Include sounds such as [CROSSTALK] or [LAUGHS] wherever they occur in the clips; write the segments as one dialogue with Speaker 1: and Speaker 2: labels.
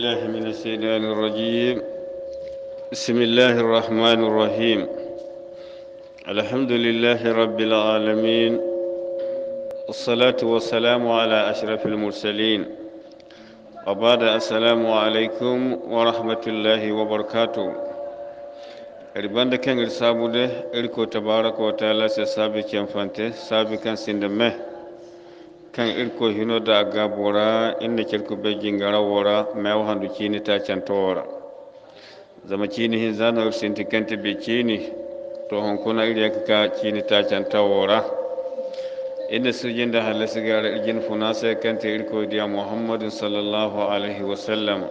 Speaker 1: الله من الشيطان الرجيم بسم الله الرحمن الرحيم الحمد لله رب العالمين والصلاة والسلام على أشرف المرسلين وبعد السلام عليكم ورحمة الله وبركاته ربنا كان sabude إلكو تبارك وتعالى taala se sabi kemfante sabi kan kan irko hino da gabora bora inda kirku be jingara wora mai duki kini ta canta wora zama kini hin zana ursinti kanta be kini to hankuna iri yaka ka kini ta canta wora inda su jin da su gara irgin funa sai kanta irko diya muhammadu sallallahu alaihi wasallam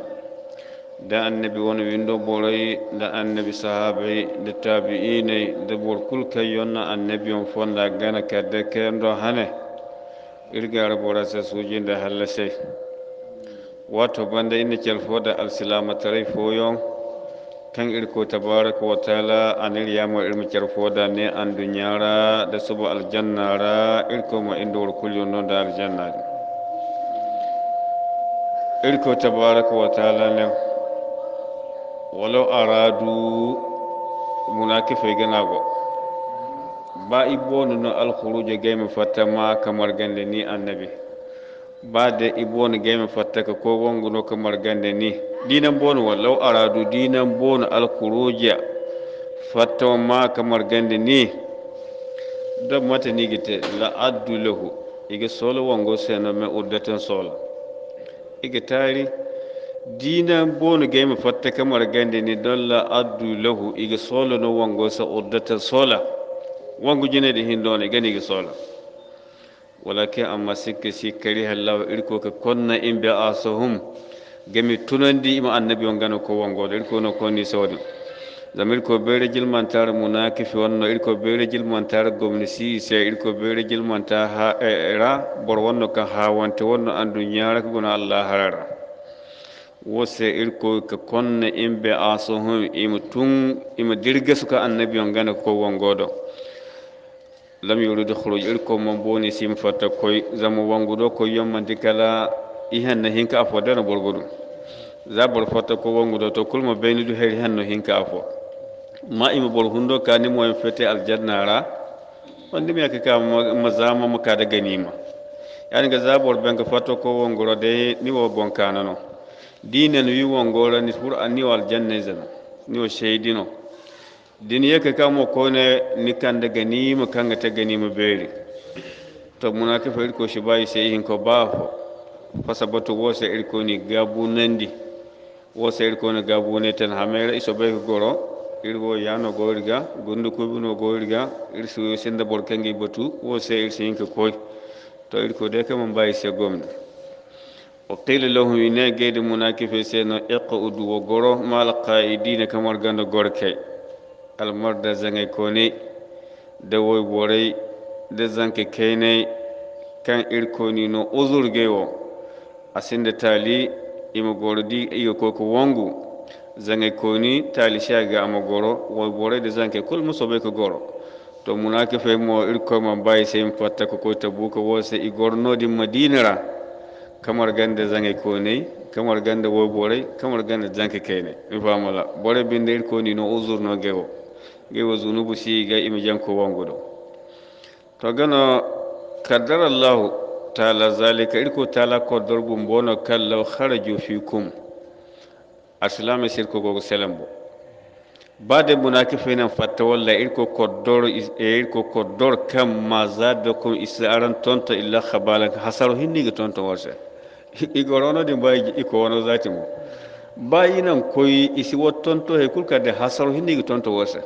Speaker 1: da annabi wani windo borai da annabi sahabai da ne da borkul kai annabi yin fonda gana kadda kayan don hane irgara borasa da halashe wato banda inda kelfoda alsilamatarai foyon kan irko tabaraka wa taala anir mu irmi da ne an dunyara da suba aljannara irko ma inda war kullu non da aljanna irko tabaraka wa taala ne walau aradu munakifai gana go ba ibonu no alkhurujo gaymi fatta ma kamar gande ni annabi ba da ibonu gaymi fatta ka ko wonguno kamar gande ni dinan bonu wallau aradu dinan bonu alkhuruja fatta ma kamar gande ni don mata ni gite addu lahu iga solo wango seno me uddatan solo iga tari dinan bonu gaymi fatta kamar gande ni don addu lahu iga solo no wango sa uddatan sola wangu jine da hindone gani ga sola walakin amma sikka si kari hallawa irko ka konna in bi asahum gami tunandi ima annabi gano ko wango da irko no koni sawadi zama irko bere jilmantar munakifi wanno irko bere jilmantar gomni si se irko bere ta ha e, era bor wanno kan hawante wanno andu nyara ko gona allah harara wose irko ka konna in bi asahum ima tun ima dirga suka annabi wangano ko wangodo lam yurid khuruj irko man boni sim fata koy zamu wangudo koy yommandi kala ihanna hinka afo dana borgodu za bor fata ko wangudo to kulma du heri hanno hinka afo ma ima bor hundo ka ni moy fete aljannara wandi mi ka mazama maka da ganima yani ga za bor benga fata ko wanguro de ni wo bonkanano dinan wi wongoro ni qur'an ni wal janna zana ni wo sheydino dini kama kamo kone ni da gani mu kanga ta gani mu beri to muna ka fa irko shi bai sai hin ko ba bafo fasabatu wose irko ni gabu nandi wose irko ni gabu ne tan hamera iso ko goro irgo yano goriga gundu kubuno goirga irsu senda borkangi batu wose irsi hin ko koy to irko de mun bai sai gomna وقيل له ينادي مناكف سينو اقعد وغرو مال قائدين كما غندو غوركي da zaŋe kone da woyborey da zanke kene kan a sin da tali ima goro di iya koko wangu zaŋe kone tali shaga ama goro woyborey da zanke kul bai ka goro to ka munakife irko ma bai sai ima fatta ko tabuka wo se i gornodin madina madinara, kamar ganda zange kone kamar ganda woyborey kamar ganda zanke keney ifamala bore bin ni no uzur no gewo gewa zunubu si ga imijan imijanko gudu to gano kaddar allahu taala zalika irko taala koddor gum bono kallaw haraju fikum asilama sirko gogo selembo bade munakifinan fatta walla irko koddor irko koddor kam ma zabe kum isaran tonto illa hasaru hinni ga tonto warse igorono din bayi iko wono zati mo bayi nan koyi isi wottonto he kulka hasaru hinni ga tonto warse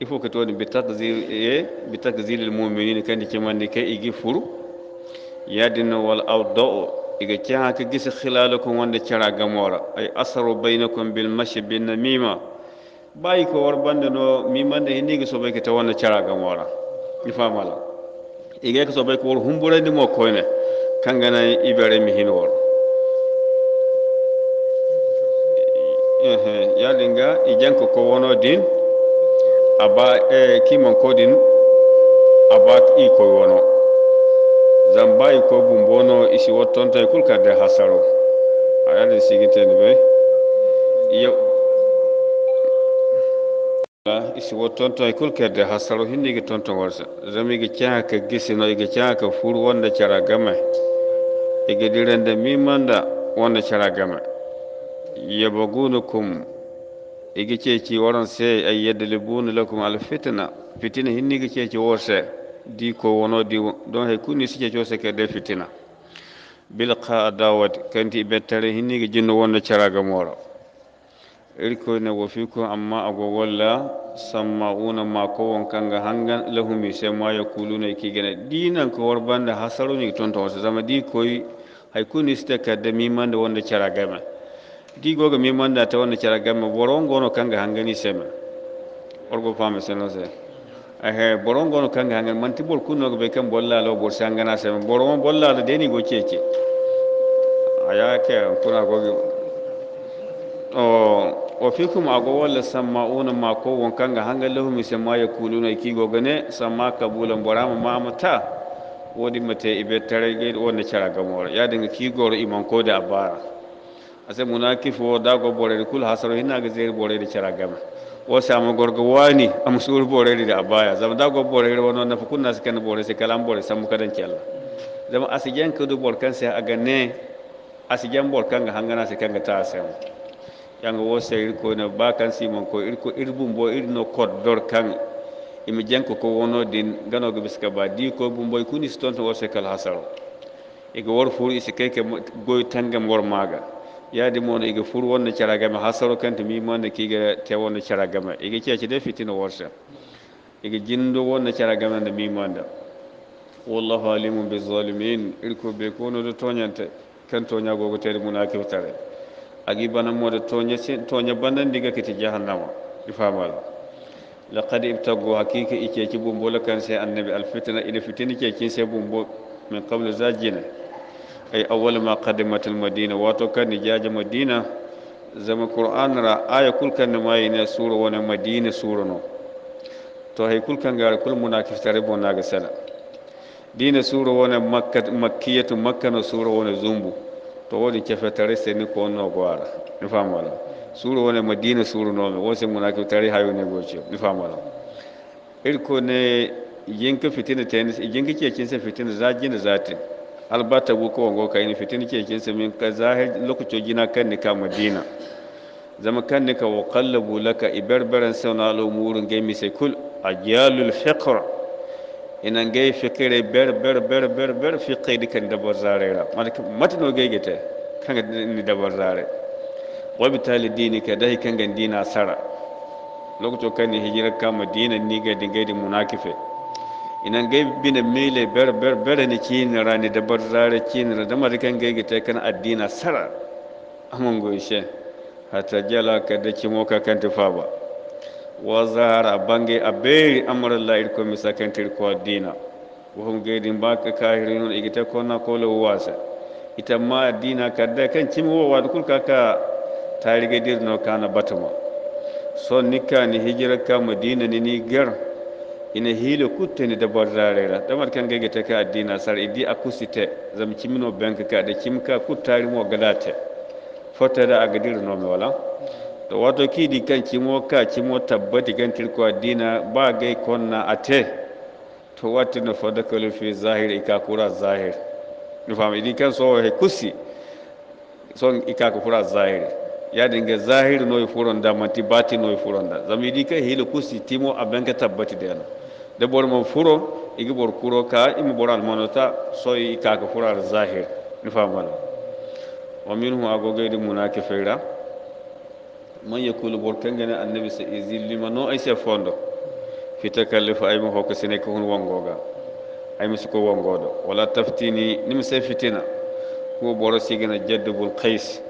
Speaker 1: il faut que toɗum bitakzir e bitakzir l muminina kandi cimande kay igi furu yadino wal awdo o iga cehake gisi khilalakum wonde cara gamora ay asaru baynakum bilmashi binnamima bayi ko wor bande no mimande hennigi soɓay ke tawonde cara gamora mi famala igay ko soɓay ko wor humburanimo koyne kangana ibere mi hin wor yadinga i janko ko wono din aba e eh, kiman kodin abat i wono zamba i ko bumbono isi wottonta kulka de hasaro ayani sigiteni be yo isi kulka de hasaro hinnigi tontogorsa zamigi caha ka gisino igi caha ka fur wonde cara game igi dirende mimanda wonde cara game yabagunukum igi ceci waran sai ay yadlibuna lakum al fitna fitina hinni ce ceci wose di ko wono di don hay kunni sike ceci wose ke de fitina bil qadawat kanti betare hinni gi jinno wonno caraga moro irko ne wo ko amma ago walla samma'una ma ko won kanga hangan lahum sai ma yakuluna e ki gene dinan ko warbanda hasaruni tonto wose zama di koy hay kunni ka kadde mi mande wonno caraga ma digo ga mi manda ta wanda cara boron borongo no kanga hangani sema orgo fama seno se ehe borongo no kanga hangani manti bol kunno be kan bolla lo bor sangana sema borongo bolla da deni go keke aya ke kuna go o wa fikum ago walla sama'una ma ko won kanga hangal lahum sema ki kigo gane sama kabulan borama mamata wodi mate ibe tare ga kira cara ya dinga ki goro iman ko da abara ase munakif wo dago borede kul hasaro hinnaga zeri borede caragama wo sama gorgo wani ama suuru borede de abaya zama dago borede wono nafa kunna si kene borede si kalan borede sambu kadan ci allah zama asijan kudu bor kan se aga ne asijan bor kanga hangana se kanga ta asem yanga wo se irko ne ba kan si mon ko irko irbum bo irno kod dor kan imi janko ko wono din ganogo biska ba di ko bumboy kuni stonto wo se kal hasaro iga wor furu isi keke goy tangam wor maga yaadi moon ega fur wonno hasaro ha soro kante mimanno kiga te iga caragame ci ceecede fitina worta iga jindo da. mi mo mimanda wallahu bi zalimin irko be kan konoɗo gogo ken mu na mum tare agi banamode toña diga kete jahannama i famala laqad ibtagu hakika i ci bumbo lakan se annabi alfitna ina fitini ci se bumbo min qabl zajina ay awwal ma qadimat madina wato kan jaja madina zama qur'an ra aya kul kan mai na sura wana madina sura no to hay kan gar kul munafiq tare bon ga sala dina sura wana makka makkiyatu makka na sura wana zumbu to wani kefe tare sai ni ko no gwara ni famu wala sura wana madina sura no me wose munafiq tare hayo ne goce ni famu wala irko ne yinka fitina tenis yinka kin sai fitina zagin da zatin albata go ko go kayni fitin ke kin sa min ka zahir lokacin gina kan ni ka madina zama kan ni ka wa qallabu laka ibarbaran sauna al'umurin gai mi sai kul ajyalul fiqr ina gai fikire ber ber ber ber ber fiqi dikan da bazare bazarera matno gai gita kan ni da bazare wa wabitali dini ka dai kan gandina sara lokacin kan ni hijira ka madina ni ga dingai di munakife inan gai bina mele ber ber ber ni kini rani da bar zare kini da marikan kan gai gita kan addina sara amon goishe hata jala ka da kimo ka kan tufa ba wa zara bange a beri amuran la'ir ko misa kan tirko addina wahum gaidin ba ka kahirin igita kona kola wasa ita ma addina ka da kan kimo wa da kulka ka tarigadir no kana batuma son nika ni hijira ka madina ni ni gar ina hilo kutte ni dabar rarera damar kan gege ta ka addina sar idi akusite zam kimino bank ka da kimka kutari mo galate fota da agadir no me wala to wato ki di kan kimo ka kimo tabbati kan tilko addina ba gai konna ate to wato no fada kalu fi zahir ika kura zahir ni fami idi kan so he kusi so ika kura zahir ya dinga zahiri noyi furon da manti bati noye furonda zama idi ka hili kusi timo abanka tabbati yana da bor mon furo igi bor kuro ka imi bor almanota ka kaka furar zahir ni famala wa minhu agogeyde munake feyra man yakulu bor kangene annabi sa izillima no ay se fondo fi ay mu hokka sine ko hun wongoga ayma ko wongodo wala taftini nim sai fitina ko boro sigina jaddul qais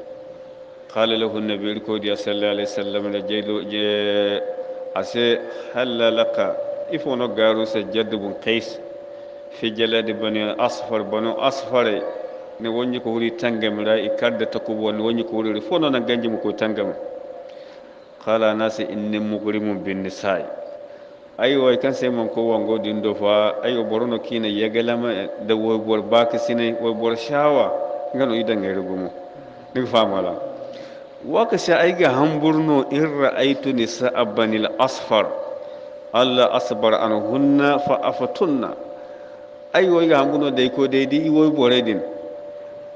Speaker 1: قال له النبي الكودي صلى الله عليه وسلم أسي هل لك إفونو غارو سجد بن قيس في جلد بني أصفر بنو أصفر ne wonñi ko wuri tangamira e karde takkubu wonde wonñi ko wuriri fof noon a gañji mo koye tangama kala nasa inni mugrimum binnisayi ayiwa kan sey mon ko wongo ɗin ɗo fa ayiwa borono kiina yegalama nde woy bor baka sine woy bor shawa ngano idangayrugo mum niko waka sha ai ga hamburno in ra'aitu nisa abanil asfar Allah asbar an hunna fa afatunna ai wai ga hamburno dai ko dai di bore din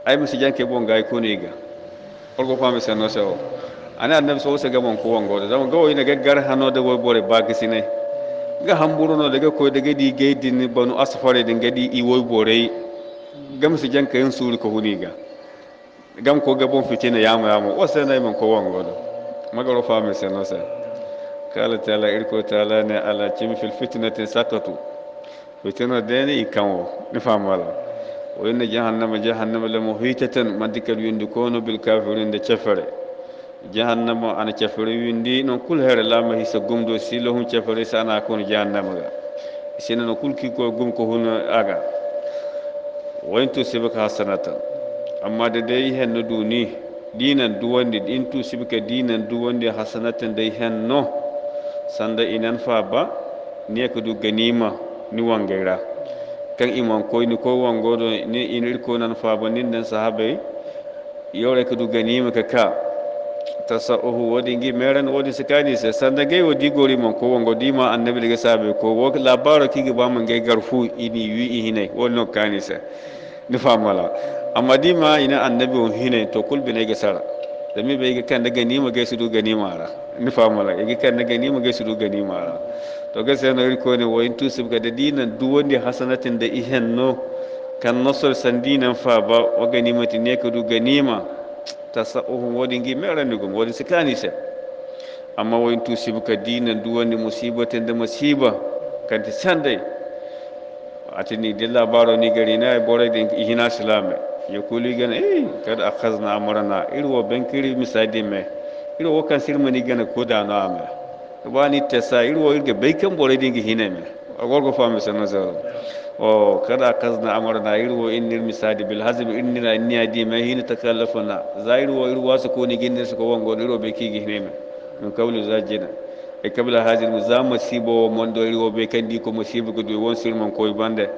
Speaker 1: ai musu janke bon ga ko ne ga orgo fami mi sanno so ana annabi so se ga mon ko wango da zaman gawo ina gaggar hano da wai bore ba gisi ne ga hamburno daga ko daga di gaidin banu asfar din gadi i wai bore ga musu janke yin suri ko huni ga gam ko gabon fitina yamu yamu wasa na min ko wango do magaro fa min sen nosa kala taala irko taala ne ala cim fil fitnati sakatu fitina deni ikanwo ni fam wala wa inna jahannama jahannama la muhitatan madikal yundi kono bil kafirin da chafare jahannama ana chafare yundi non kul hera la ma hisa gumdo silohum chafare sana kon jahannama ga sinana kul ki ko gum ko huno aga wa sibaka hasanatan amma da dai hannu duni dinan duwande ɗin tusibka dinan duwande hasanatan dai hannu sanda inan fa ba niya ka du ganima ni wangaira kan iman ni ko wangoɗo ni inir nan fa ba nin nen sahabai yore ka du ganima ka ka tasa'uhu wadi ngi meran wadi sakani sai sanda gai wadi gori man ko wango dima annabi daga sabe ko wo labaro kigi ba man gai garfu ini wi ihinai wonno kani se ni famala amma di ma ina annabi on hine to kul ne ga sara da mi bai ga kan daga nima ga su du ganima ra ni famala ga kan daga nima ga su du ganima ra to ga sai na riko ne wayin tu sub ga da dinan du wani hasanatin da ihan no kan san dinan fa ba wa tin ne ka du sa uhu wadin gi ran ni gum wadin sikani sai amma wayin tu sub ka dinan duk Musiba musibatin da musiba kan ta dai, a tini dilla baro ni gari na bore din ihina silame yekuli gana eh kad akhazna amrana irwo bankiri misadi me irwo kan sirmani gana koda no ame wani tesa irwo irge baikan bore dingi hineme agorgo famu sanan sa o kad akhazna amrana irwo innir misadi bil hazb innira niyadi me hin takallafuna zairwo irwo su koni ginne su ko wango irwo baiki gi hineme min kawlu zajina e kabla hadir mu za masibo irwo be kandi ko masibo do won sirman koy bande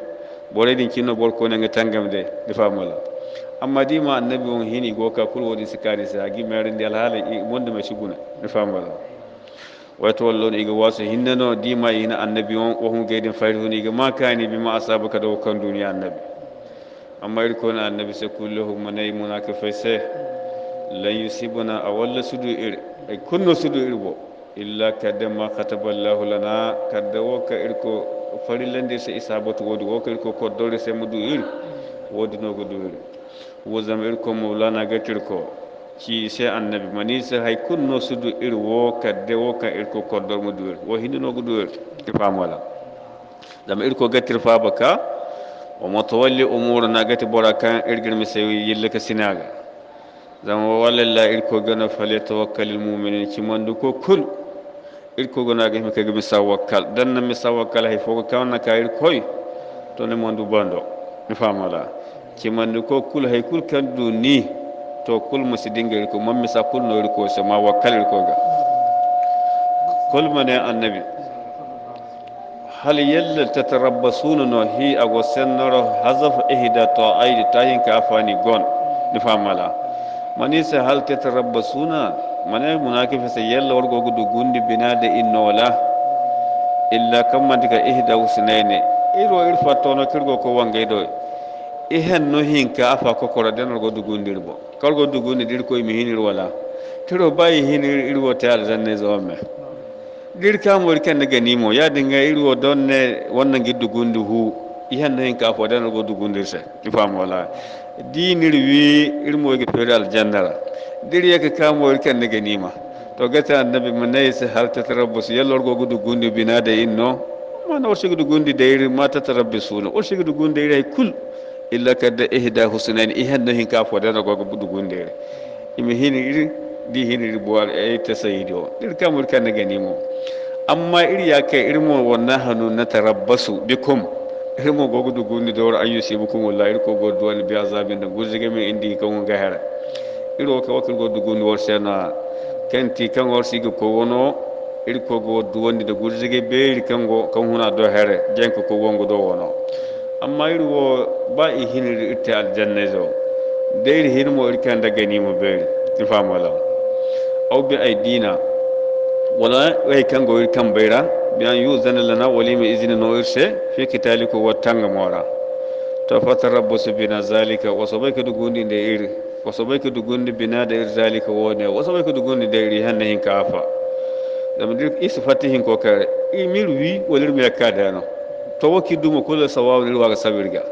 Speaker 1: bore kinno bor ko ne ngatangam de difamola amma di ma annabi won hini go ka kul wodi sikari sa gi merin dal hala e monde ma shuguna ne fam wala wato wallon iga wasu hinnano di ma hina annabi won ko hun gaidin fayrun iga ma kani bi ma asabaka da kan duniya annabi amma irko na annabi sa kulluhum manai munafiqai sai lan yusibuna awalla sudu ir ay kunno sudu irbo illa kadda ma kataballahu lana kadda woka irko farillande sa isabatu wodi woka irko koddore sai mudu ir wodi nogo du ir وزميلكم مولانا جتركو كي سي النبي مني سي هاي كون نو سدو اير وو كاد وو كا كودور مدوير وو هيني نو غدوير تفام ولا دام اير كو غتر فابكا ومتولي امور نا غتي بوراكا اير غير مسيو يلك سيناغا دام ولا لا اير كو غنا فلي توكل المؤمنين كي من دو كل اير كو غنا غي مكا غي مسو وكال دن مسو وكال هي فوكا نا كاير كوي توني من دو باندو تفام ولا kimandi ko kul hay kul kan du ni to kul musu dinga riko man misa kul no riko so ma wakkal ko ga kul mane annabi hal yalla tatarabbasuna no hi ago sennoro hazaf ihda to aidi tayin ka afani gon ni famala mani sa hal tatarabbasuna mane munakifa sa yalla wargo gudu gundi binade inno wala illa kamma diga ihda usnaine iro irfa tono kirgo ko wangay ihen no hinka afa kokora den go dugundir bo kal go dugundir ko mi hinir wala tiro bai hinir irwo ta zanne zome dir kam wor kan daga nimo ya dinga irwo donne wonna gi dugundu hu ihen no hinka afa den go dugundir se ifam wala dinir wi irmo gi federal jannara dir yek kam wor kan daga nima to gata annabi manai se hal tatarabbus yallor go dugundu binade inno mana wor sigi dugundi dairi mata tarabbisu wor sigi dugundi dairi kul illa kadda ihda husnain ihan no hin eh, ka fodana gogo budugundere imi hiniri di hiniri buwar e ta sayido dir kamur kan mu amma iri ya kai irmo wannan hanu na tarabbasu bikum irmo gogo da war an yusi bukum wallahi ko godo wal bi azabin da gurjige min indi kan ga hera iro ka wakil godo dugundi war sena kan ti kan war sigi ko wono irko godo wani da gurjige be irkan go kan huna do hera jenko ko wongo do wono amma irwo ba i hinir itte aljanna yi hini hinmo irkan da gani mu beri ifamala au bi dina wala way kan go irkan bayra biyan yi zan lana wali mai izini na irse fi wa tanga mora to fatar rabbu bina zalika wasu wa sabaika dugundi da iri wasu wa sabaika dugundi bina da iri zalika wone wa sabaika dugundi da iri hannun hin kafa da mun dir isfatihin ko kare imirwi walir mi yana towoki duma kulla sawawu nil waga sabirga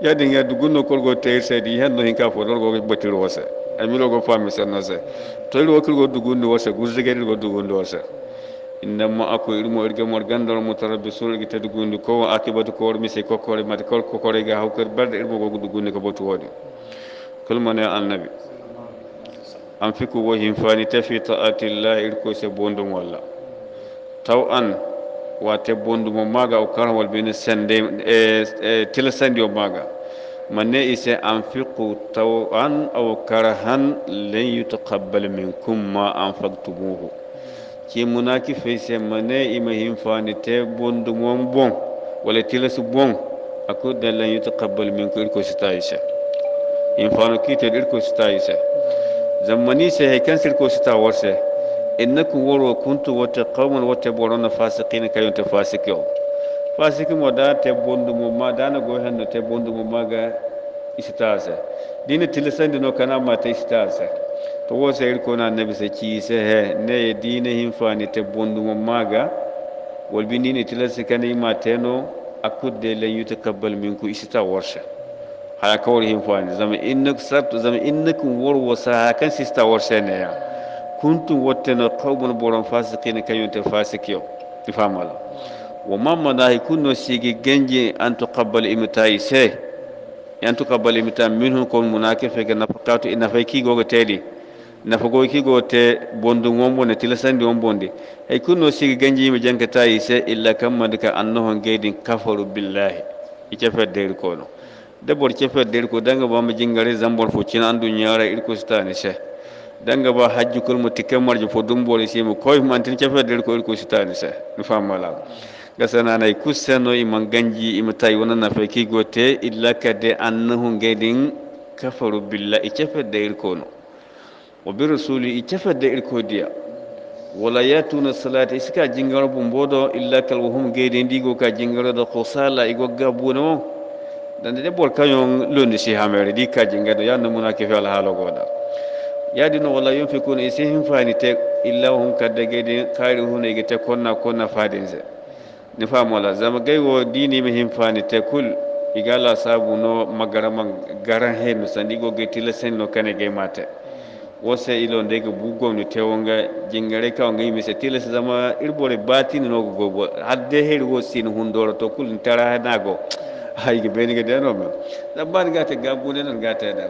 Speaker 1: yadin ya dugunno kolgo teyir seydi henno hinka fo lorgo batir wose amirogo fami senno se toyir wokirgo dugunno wose gurzigedirgo dugunno wose innama ako irmo irge mor gandal mo tarabbi sur irge tedi gundi ko akibatu ko wormi sey kokkore mate kol kokkore ga hawker berde irmo go gudu gundi ko botu wodi kulmane annabi an fiku wo himfani tafi ta'atillah irko se bondon walla taw an wate bondumo maga o karawol bene sende e tila sandio maga manne ise anfiqu tawan aw karahan len yutaqabbal minkum ma anfaqtumuhu ci munaki feyse manne ima hinfani te bondumon bon wala tila su bon aku da len yutaqabbal minkum irko sitayise hinfano kite irko sitayise zammani se he kan sirko sita warse انكم ورو كنتم وتقوم وتبورون فاسقين كيون تفاسقون فاسقين ودا تبوند مما دانا غوهن تبوند مما غا استاز دين تلسند نو كانا ما تستاز تو سير كون النبي سكي سه ني دين هين فاني تبوند مما غا والبنين تلس كان يما تنو اكد لن يتقبل منكم استا ورشا هاكور هين فاني زم انك سرت زم انكم ورو سا كان استا ورشا نيا kuntum wottena qawmun boron fasikina ta fasiki o i famala wo mammada hay kunno sigi genji an yi imitayi yan an tuqabbal imita minhum kon munake feke nafakatu e nafay kigogo teeɗi ki kigo te bondu on bonde tilasandi on bonde hay kunno sigi genji ka ta yi sai illa kammade ka annohon gaidin kafaru billahi i cefet deyri kono debor cefet deyri ko danga bama jingare zambon fo cina andu ñara ne see danga ba hajji kulmu tike marji fo dumbore mu koy mantin cafedel ko ko sitani sa no fammalago e gasananay kusseno ima ganji ima e tawi wonana fe gote illa kade annahu gedin kafaru billah i ko no o bi rasuli i e cafedde er ko dia wala yatuna salati iska jingaro bo mboɗo illa kal wohum gedin digo ka jingaro ko qosala igo gabbune o dande de bol kayon londi si hamere di ka jingado yanna munake fe dal Ya yadino walla yonfikuna e fa fani te illa hum kadda geyde kaari huna ege te konna konna ni fa mola zama gai wo mi hin fani te kul iga la saabu no magaraman garan heno sandi go gey tila no kane gey mate wose ilo ndege bugonu tewonga jingare kawanga yimise tila zama irbore batin no go go hadde heri wo sin doro to kul ntara nago hayge benige denoma zabbani gata gabu denan gata da.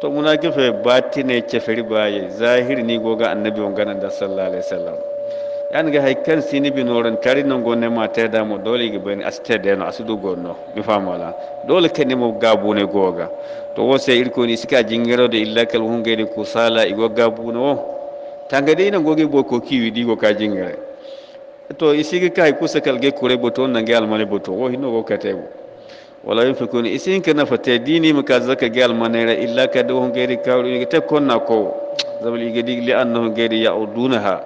Speaker 1: to munaki fe batine ba baye zahiri ni goga annabi on gananda sallallahu alaihi wasallam yani ga haikan sini bi noron tari non gonne ma ta da mu dole ga bani da de no asidu gonno mi la dole kene gabu ne goga to wose irko ni suka jingero da illa kal hungere ko sala igo gabuno tangade nan goge bo ko kiwi di go ka jingere to ga kai kusa kalge kure boto ge almani boto wo hinno go katego wala yunfikun isinkana fata dini maka zaka gal manera illa ka do hungeri kawru ni ta konna ko zabal igadi li annahu hungeri ya udunaha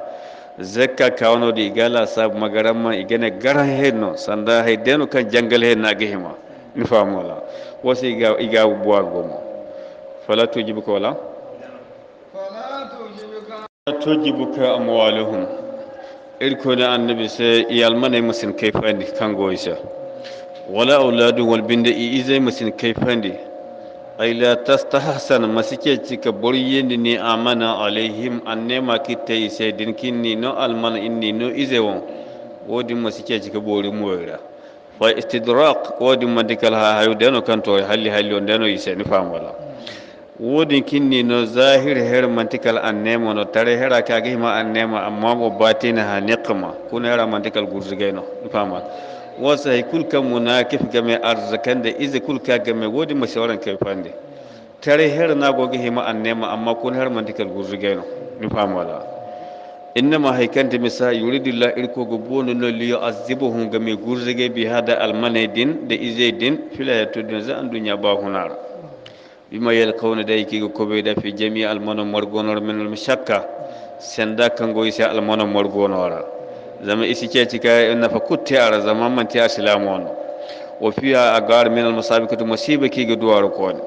Speaker 1: zakka kawno di gala sab magaramma igana garan henno sanda haydeno kan jangal henna gihima ni famola wasi iga iga buwa gomo fala tujibuka wala fala tujibuka amwaluhum irko da annabi sai iyalmanai musin kaifani kan goyisa wala auladu wal binda izai musin kai fande ay la tastahsan masike cika boriyende ni amana alaihim annema kitte isai dinkin ni no alman inni no izai won wodi masike cika bori muwira fa istidrak wodi madikal ha hayu deno kanto halli halli on deno isai ni fam wala wodin kinni no zahir her mantikal annema no tare hera kage ma annema amma mo batina ha niqma kuna hera mantikal gurzugeno ni fam wala wasa mu kulka munakif game arzakan da izi kulka game wodi mashawaran kai fande tare her na goge hima nema amma kun har man gurzu guzu gaino ni fama da inna ma haykanta misa yuridillah irko gobbono no liyo azibuhum game gurzige bi hada almanaidin da din filayatu din za an dunya ba hunara bima yalqawna da yake ga kobe da fi jami'al manan margonar min al mashakka sanda kan goyi sai al margonar zama isi ke cika na fakutti a zaman manti a silamu wani wafiya a gawar min almasabi kutu masiba ki ga duwar kone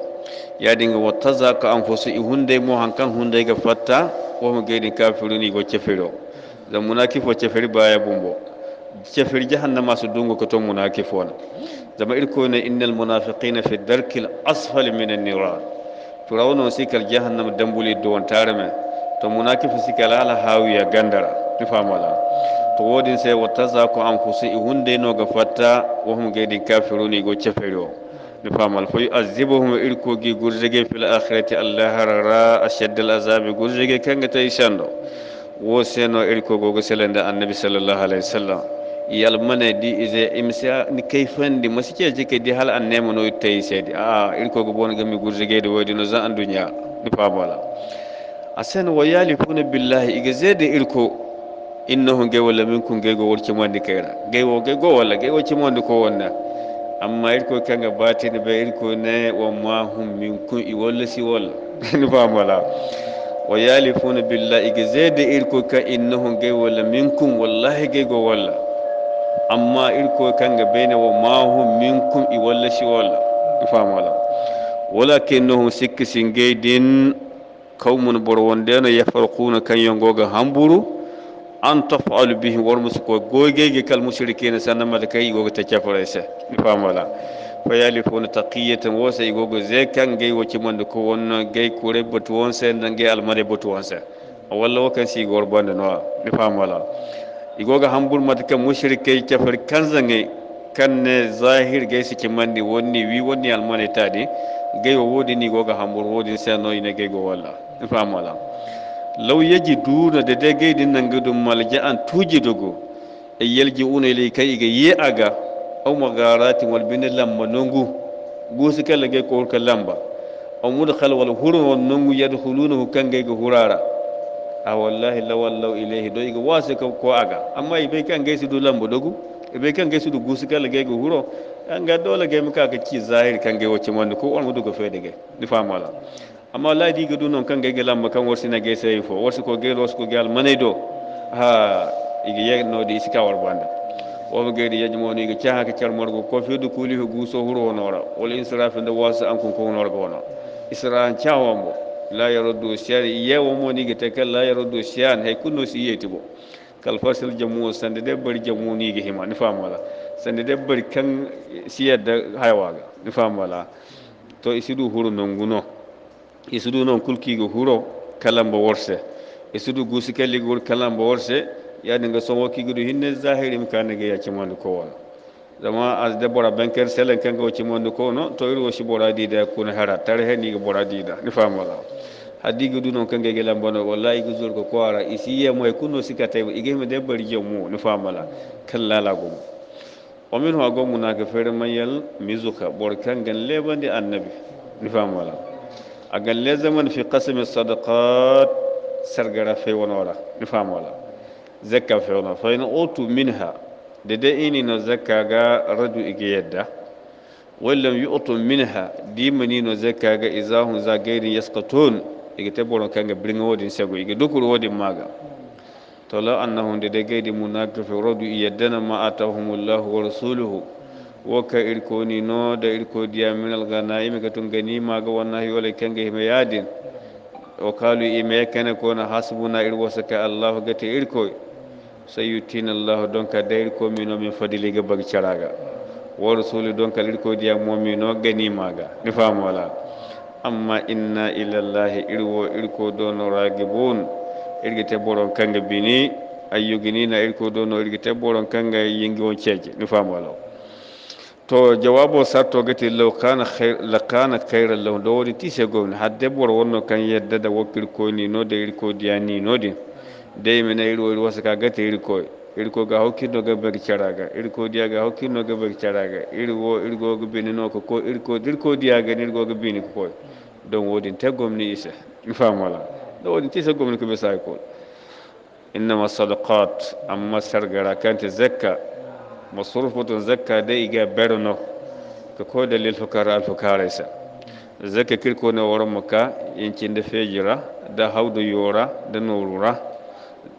Speaker 1: ya dinga wata za ka an fosu i hundai mu hankan hundai ga fatta ko mu gaidin kafiru ni go kefiro zan munakifo kefiri baya bumbo kefir jahannama su dungo katon munakifo na zama irko ne innal munafiqina fi darkil asfali minan nirar turawno sikal jahannama dambuli don tarame to munakifu sikala ala hawiya gandara ni famola to wodin sai wata za ko an ihun da yano ga fata wa hun gaidin ne go cefero ni famal fa yu'azibuhum irko gi gurzege fil akhirati allah harara a al azabi kan ga ta isando wo seno irko go go selenda annabi sallallahu alaihi wasallam yalmana di ize imsa ni kayfandi masike jike di hal annema no tayi sedi a irko go bon gami gurzege de wodi no za an dunya ni bala asen wayalifuna billahi igaze de irko innahum gay walla minkum gaygo wolcimondi kayra gaywo gay go walla gaywo cimondi ko wanda amma irko kanga batine ɓe irko ne wa hum minkum i walla si wala ni mala wa yalifuna billahi ge irko ka innahum gay walla minkum wallahi gaygo walla amma irko kan kanga bene wa hum minkum i walla si walla i famola walakinnahum sikki sin geydin kawmun boro wondeno yafarquna kan yongoga hamburu an taf'alu bihi war musu ko goge gogege kal mushrikeen sannan malakai goge ta kafara sa famala fa yalifuna taqiyatan wa sai go go zai kan gai wace man ko wannan gai kore butu won sai dan gai almare butu won sai walla wakan si gor banda no mi famala igoga hambur mataka yi kafar kan zange kan ne zahir gai suke mandi wani wi wani almane tadi gai wo wodi ni goga hambur wodi sai no ina gai go walla mi famala law yajiduna de de geydi nangiɗum malja an yalji una yaljiuna kai ga iga aga aw magaratin wal bine lamba nongu gusi kala gey kowolka lamba aw mudhal wal huro won nongu yadhulunahu kangey ga hurara a wallahi law ileyhi do iga wasi ko aga amma e ɓey kan gey sidu lamba dogo e ɓey kan gey sidu gusi kala gey ga huro ga dole gey muka kaka ci zahir kan gey wacce man ko on mudugo da. gey ɗi famala amma wallahi diga dunon kan gege lamma kan warsi na gese ifo warsi ko gel warsi ko gal manay do ha iga yegno de isika war banda wama geyde yajmoni iga caha ke calmorgo ko fewdu kuuli ko guuso huro wonora wala insirafe nde wasa an kon ko wonorgo wono isra an cawambo la yaroddu siyan yewo moni iga te kal la yaroddu siyan hay kunno si yeyti bo kal fasil jamuwo sande de bari jamu ni iga hima ni famola sande de bari kan siyedda haywaga ni famola to isidu huro nonguno isuɗu noon huro kala worse e suɗu guusi worse yaade nga hinne zahiri mi kannege yaccimonde ko zama as debora benker selen kanko woccimonde ko no to iri wosi ɓora diida kono hara tara hen iga ɓora diida ni famala haddigo ɗu noon kanke gela mbono wallahi igo ko ko ara isiyemo e kunno sikka tawi iga hima debbari jom mu ni famala kallalago mum omin ho a gommunaka feere mayel misuka اگر لزمن في قسم الصدقات سرغرا في ونورا نفهم ولا زكا في ونورا فإن أوتوا منها ددئيني نزكا ردو إيجي يدا ولم يؤتوا منها ديمني نزكا إذا هم ذا غير يسقطون إيجي تبورن كان برين ودين سيغو إيجي دوكور ودين ماغا تلا أنهم ددئيني منافق في ردو إيدنا ما آتاهم الله ورسوله woka irkoni nooda irkodiya minal ganaimi ka ni ma ga wannahi wala kenge hima yaadin o kaalu ime kene kono hasbuna ir wosaka Allah gati irkoy so yettina don donka da irkomino min fadiliga don ka irko diya donka irkodiya gani ganimaga ni faamu wala amma inna ilallahi irwo irko dono ragibun irgite boron kanga bini na irko dono irgite boron kanga yingi won ceeje ni faamu wala تو جوابو ساتو گتی لو كان خير لكان خير لو لو تي سي گون حد بور ونو كان يدد د وپير كوني نو دي ريكو دياني يعني نو دي دي من اي رو وس كا گتي ريكو ريكو گا هوكي نو گب چڑا گا ريكو ديا گا هوكي نو گب چڑا گا ريو ريكو گ بين نو كو ريكو ريكو ديا گا ريكو گ بين كو دون ودين تي گومني يس فهم ولا دو ودين تي سي گومني كو بيساي كو انما الصدقات اما سرگرا كانت زكاه masrufatun zakka dai ga berno ka ko da lil fukara al fukara sa zakka kirko na waran maka yankin da fejira da haudu yora da nurura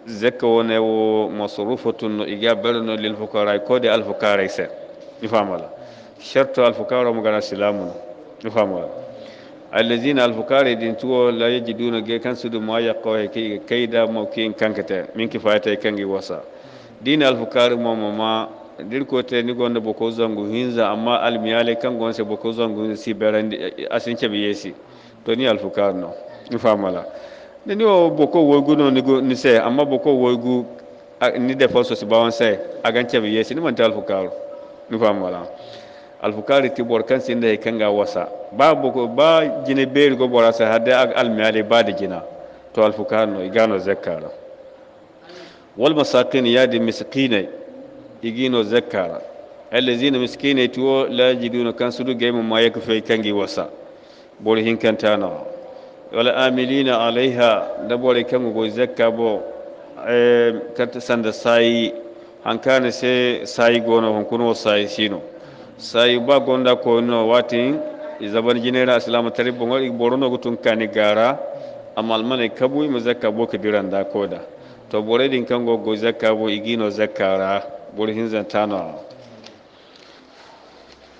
Speaker 1: zakka wona wo masrufatun iga berno lil fukara ko da al fukara sa ifamala shartu al fukara mu gana silamu ifamala allazina al fukara din tuwo la yajiduna ga kansu da ma ya kawai kai da maukin kankata min kifayata kangi wasa dina al fukara mu mama dir ko te ni gonda boko zangu hinza amma al miyale kan gon boko zangu si berandi asin ke to ni al fukarno ni famala ne ni o boko wogu no ni ni se amma boko wogu ni de si bawon se agan ke ni man fukaro ni famala al ti bor kan sin de wasa ba boko ba jine beri go borasa hada al miyale ba de jina to al igano zakara wal masakin yadi miskinai igino zakara allazina miskina tuwo la jiduna kan sudu gaimu ma yaku fe kangi wasa bori hinkanta na wala amilina alaiha da bori kangu go zakka bo eh kanta sanda sai hankana se sai gono hon kuno sai sino sai ba gonda ko no watin izaban jinera islamu taribbo ngol borono gutun kani gara amal mane kabu mu zakka bo kibiran da koda to bore din kango go zakka bo igino zakkara zantana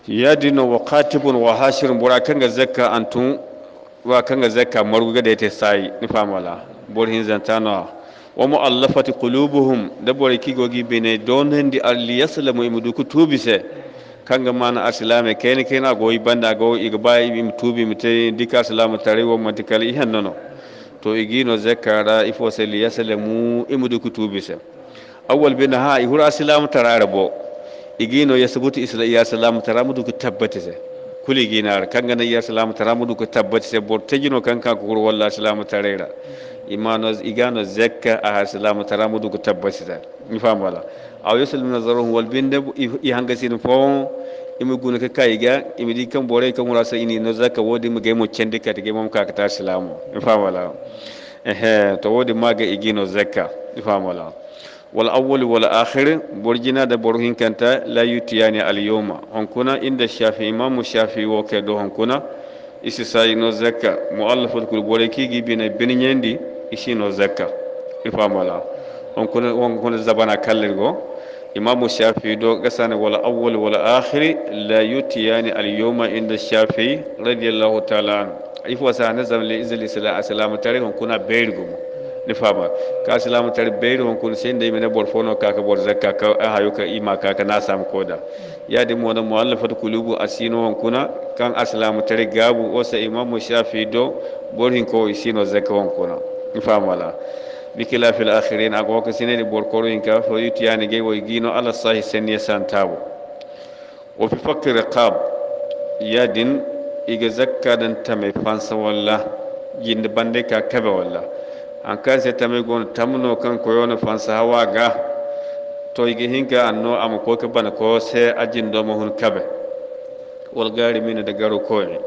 Speaker 1: ya yadino wa katibun wa hashirin bora kanga zakka tun wa kanga zakka maruga da yate sai nufa mala burhin zantana wa mu'allafati qulubuhum da bor gogi bene don hendi alli yaslamu imduku kan kanga mana asilame kene kena goyi banda go igbai im tubi mite dika asilama tare wa matikali ihannano to igino zakara ifo sel yaslamu imduku tubise awwal bin ha ihura silamu tararabo igino ya subuti isla ya salamu taramudu ku tabbata sai kuli ginar kan gana ya salamu taramudu ku tabbata sai bortegino kan ka kuru walla salamu tarera imano igano zakka a salamu taramudu ku tabbata sai mi fam wala aw yusul min nazaruhu wal binde i hanga sin fon imi guna ka kai ga imi di kan bore kan wala sai ini no zakka wodi mi gaimo cende ka te mom ka ka ta salamu mi fam wala eh to wodi maga igino zakka mi fam wala wal awwal wal akhir borjina da borhin kanta la yutiyani al yawma honkuna inda shafi imam shafi wo ke do honkuna isi sai no zakka muallafat kul boreki gibi ne binyendi isi no zakka ifamala honkuna honkuna zabana kallir go imamu shafi do gasana wal awwal wal akhir la yutiyani al yawma inda shafi radiyallahu ta'ala an ifwa nazam li izli sala asalamu tarihun kuna bayir gumu ni fama ka silamu tar beiru hon kun sen dai fono borfono kaka bor zakka ka hayo ka ima kaka na sam koda ya dimu wannan muallafat kulubu asino hon kuna kan aslamu tar gabu wasa imamu shafi do borin ko isino zakka hon kuna ni fama la bikila fil akhirin ago ka sinedi bor korin ka fo yutiyani ge wo gino ala sahi sen yesan tabo wa fi fakki riqab din iga zakka dan ta mai fansa walla yin bande ka kabe walla kan se tame gono tamno kan na fansa hawa ga to igi hinga anno ama ko ka bana ko sai ajin do mo hun kabe wal gari mina da garo ko ne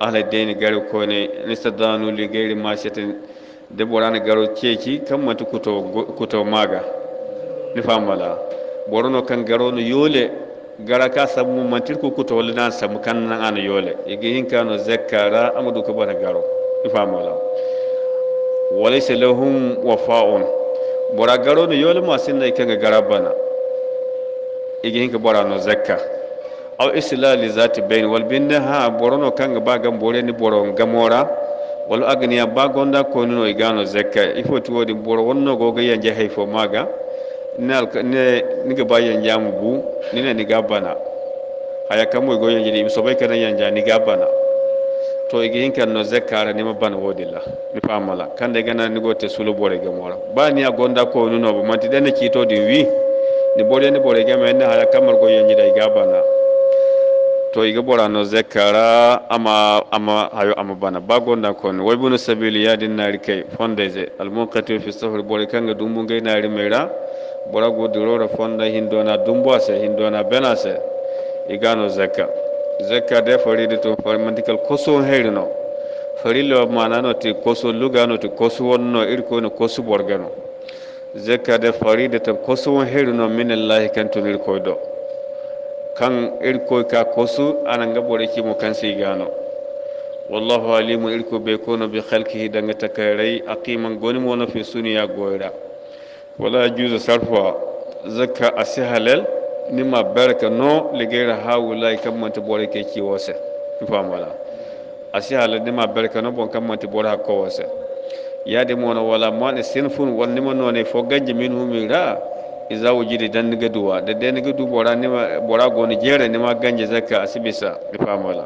Speaker 1: ala deni garo ko ne nisadanu li gairi mashatin da borana garo ceci kan mata kuto kuto maga ni famala borono kan garo no yole gara ka samu mantir ku kuto wala na samu kan nan ana yole igi hinga no zakara amadu ka bana garo ni famala walaysa lahum wafa'un boragaro no yole masin na ikanga garabana igi hinka borano zakka aw islali zati bayn wal binna ha borono kanga ba bagan bore ni boron gamora wal agniya bagonda ko no igano zakka ifoti wodi boro wonno goga yanje hayfo maga ne ni niga bayan jamu bu ne ni gabana haya kamo goyen ni so bai kana yanja ni gabana to i igi hinkel no zekkare nima ban wodi la mi famala kande gana ni gote sulu bore ge mora ni a gonda ko nuno bo manti dene kito din wi ni bore ni bore ge men haya kamar go yenyi ga bana to i ga bora no zekkara ama ama hayo ama bana ba gonda ko ni way bunu sabili ya din nari kay fondeje al munqati fi safar bore kanga dumbu ge nari mera bora go dirora fonda hindona dumbo ase hindona benase igano zakka zakka de faridatu farmantikal koso heyrino farilla no ti koso lugano ti koso wonno irkono koso borgano zakka da faridatu koso hairi minallahi kantum irkoydo kan tun irkoy ka koso ananga bore mu kan gano. wallahu alimu irko be kono bi khalqihi danga takairai aqiman gonim na fi suniya goyra wala juzu sarfa zakka asihalal halal nima berka no ligera hawula kan manta bore ke ki wose famala asi hala nima berka no bon kan manta bore hakko wose ya de mona wala man sinfun wal ni no ne fo gaji min humira iza wujidi dan niga duwa da de ni du bora ma bora ni jere ma ganje zakka asibisa famala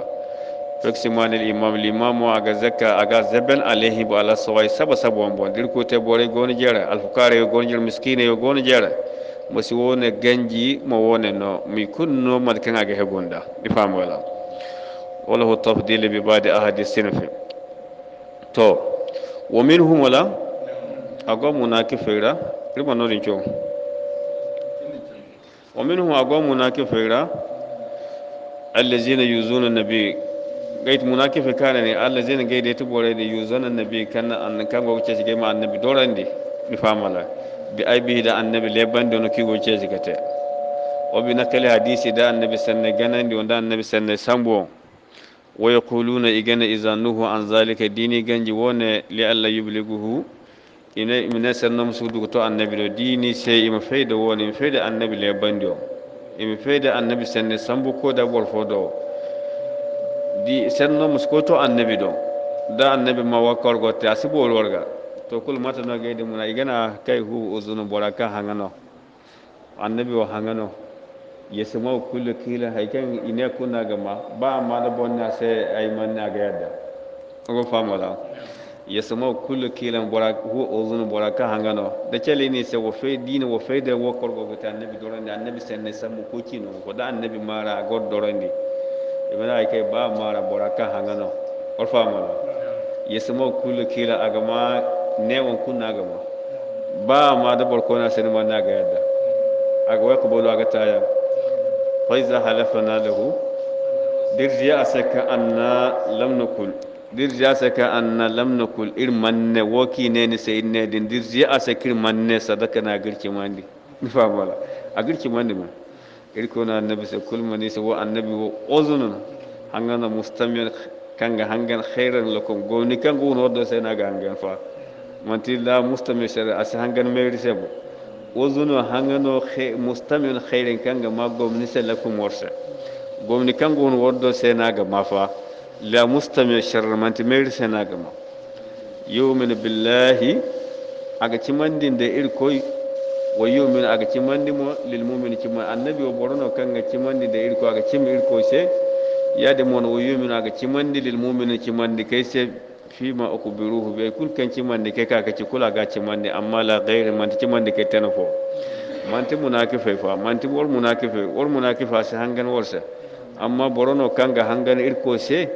Speaker 1: faksiman al-imam wa ga zakka aga zaban alaihi wa ala sawai saba saba bon dir ko te bore ni jere al-fuqara ni jere miskine ni jere Masi wone ganji ma wone no mi kunno mal kanga ga hegonda mi fam wala hu tafdil bi badi ahadi sinfi to wa minhum wala munaki fira rima no co wa minhum munaki fira allazina yuzuna annabi gait munakife kana ne allazina gaidai tubore bore da yuzuna annabi kana an kan go ce shige ma annabi dorandi fam wala بأبيه ده النبي لبان دون كي وجهز كتة وبنقل حديث ده النبي سنة جنان دون دا النبي سنة سامبو ويقولون إجنا إذا نهوا عن ذلك ديني جنجي ون لألا يبلغه إن من سنة مسودك تو النبي دو ديني سي إم فيد ون النبي لبان دون مفيد النبي سنة سامبو كده والفودو دي سنة مسكوتو النبي دون ده النبي ما وكر قتة أسيبه الورقة to kul mata no gayde muna igana kai hu uzunu boraka hangano annabi wa hangano yesmo kullu kila haykan ine kuna gama ba ma da bonna sai ay manna ga yadda ko famo la yesmo kullu kila boraka hu uzunu boraka hangano da cele ne sai wa fe dina wa fe da wa korgo ga annabi doron da annabi sai ne samu ko kino ko da annabi mara god doron ne ibana ay kay ba mara boraka hangano ko famo la yesmo kullu kila agama neman kun na gama ba ma da barko na sai ma na ga yadda a ga wai ku bolo ga taya fa iza na lahu dirjiya asaka anna lam nakul dirjiya asaka anna lam nakul irman ne woki ne ni sai ne din dirjiya asakir manne sadaka na girki mandi ni fa bala a girki mandi ma irko na annabi sai kul kulmani sai wa annabi wa uzunun hangana mustamil kanga hangan khairan lakum goni kanga wono do sai na ga hangan fa mantilla mustami shari asi hangar mewri sebo uzuno hangano khairin kan ga ma gomni sella kum Gomni gomni kango won wordo na ma fa la mustami shari manti na ga ma yumin billahi aga da iri koi wo yumin aga mo lil mumin ma. annabi o ɓorono kanga da iri ko aga cimi iri sai se da moon wo yumin aga cimandi lil mumin cimandi kai se fi ma bi-bi-bi fima okbiruhu ɓe kul ken cimande ke kaka ci man ne amma la gayre mante cimande ke tene fo ti munakife fa man ti wor munakife wor munakifa se hangen worse amma borono kanga hangan irko se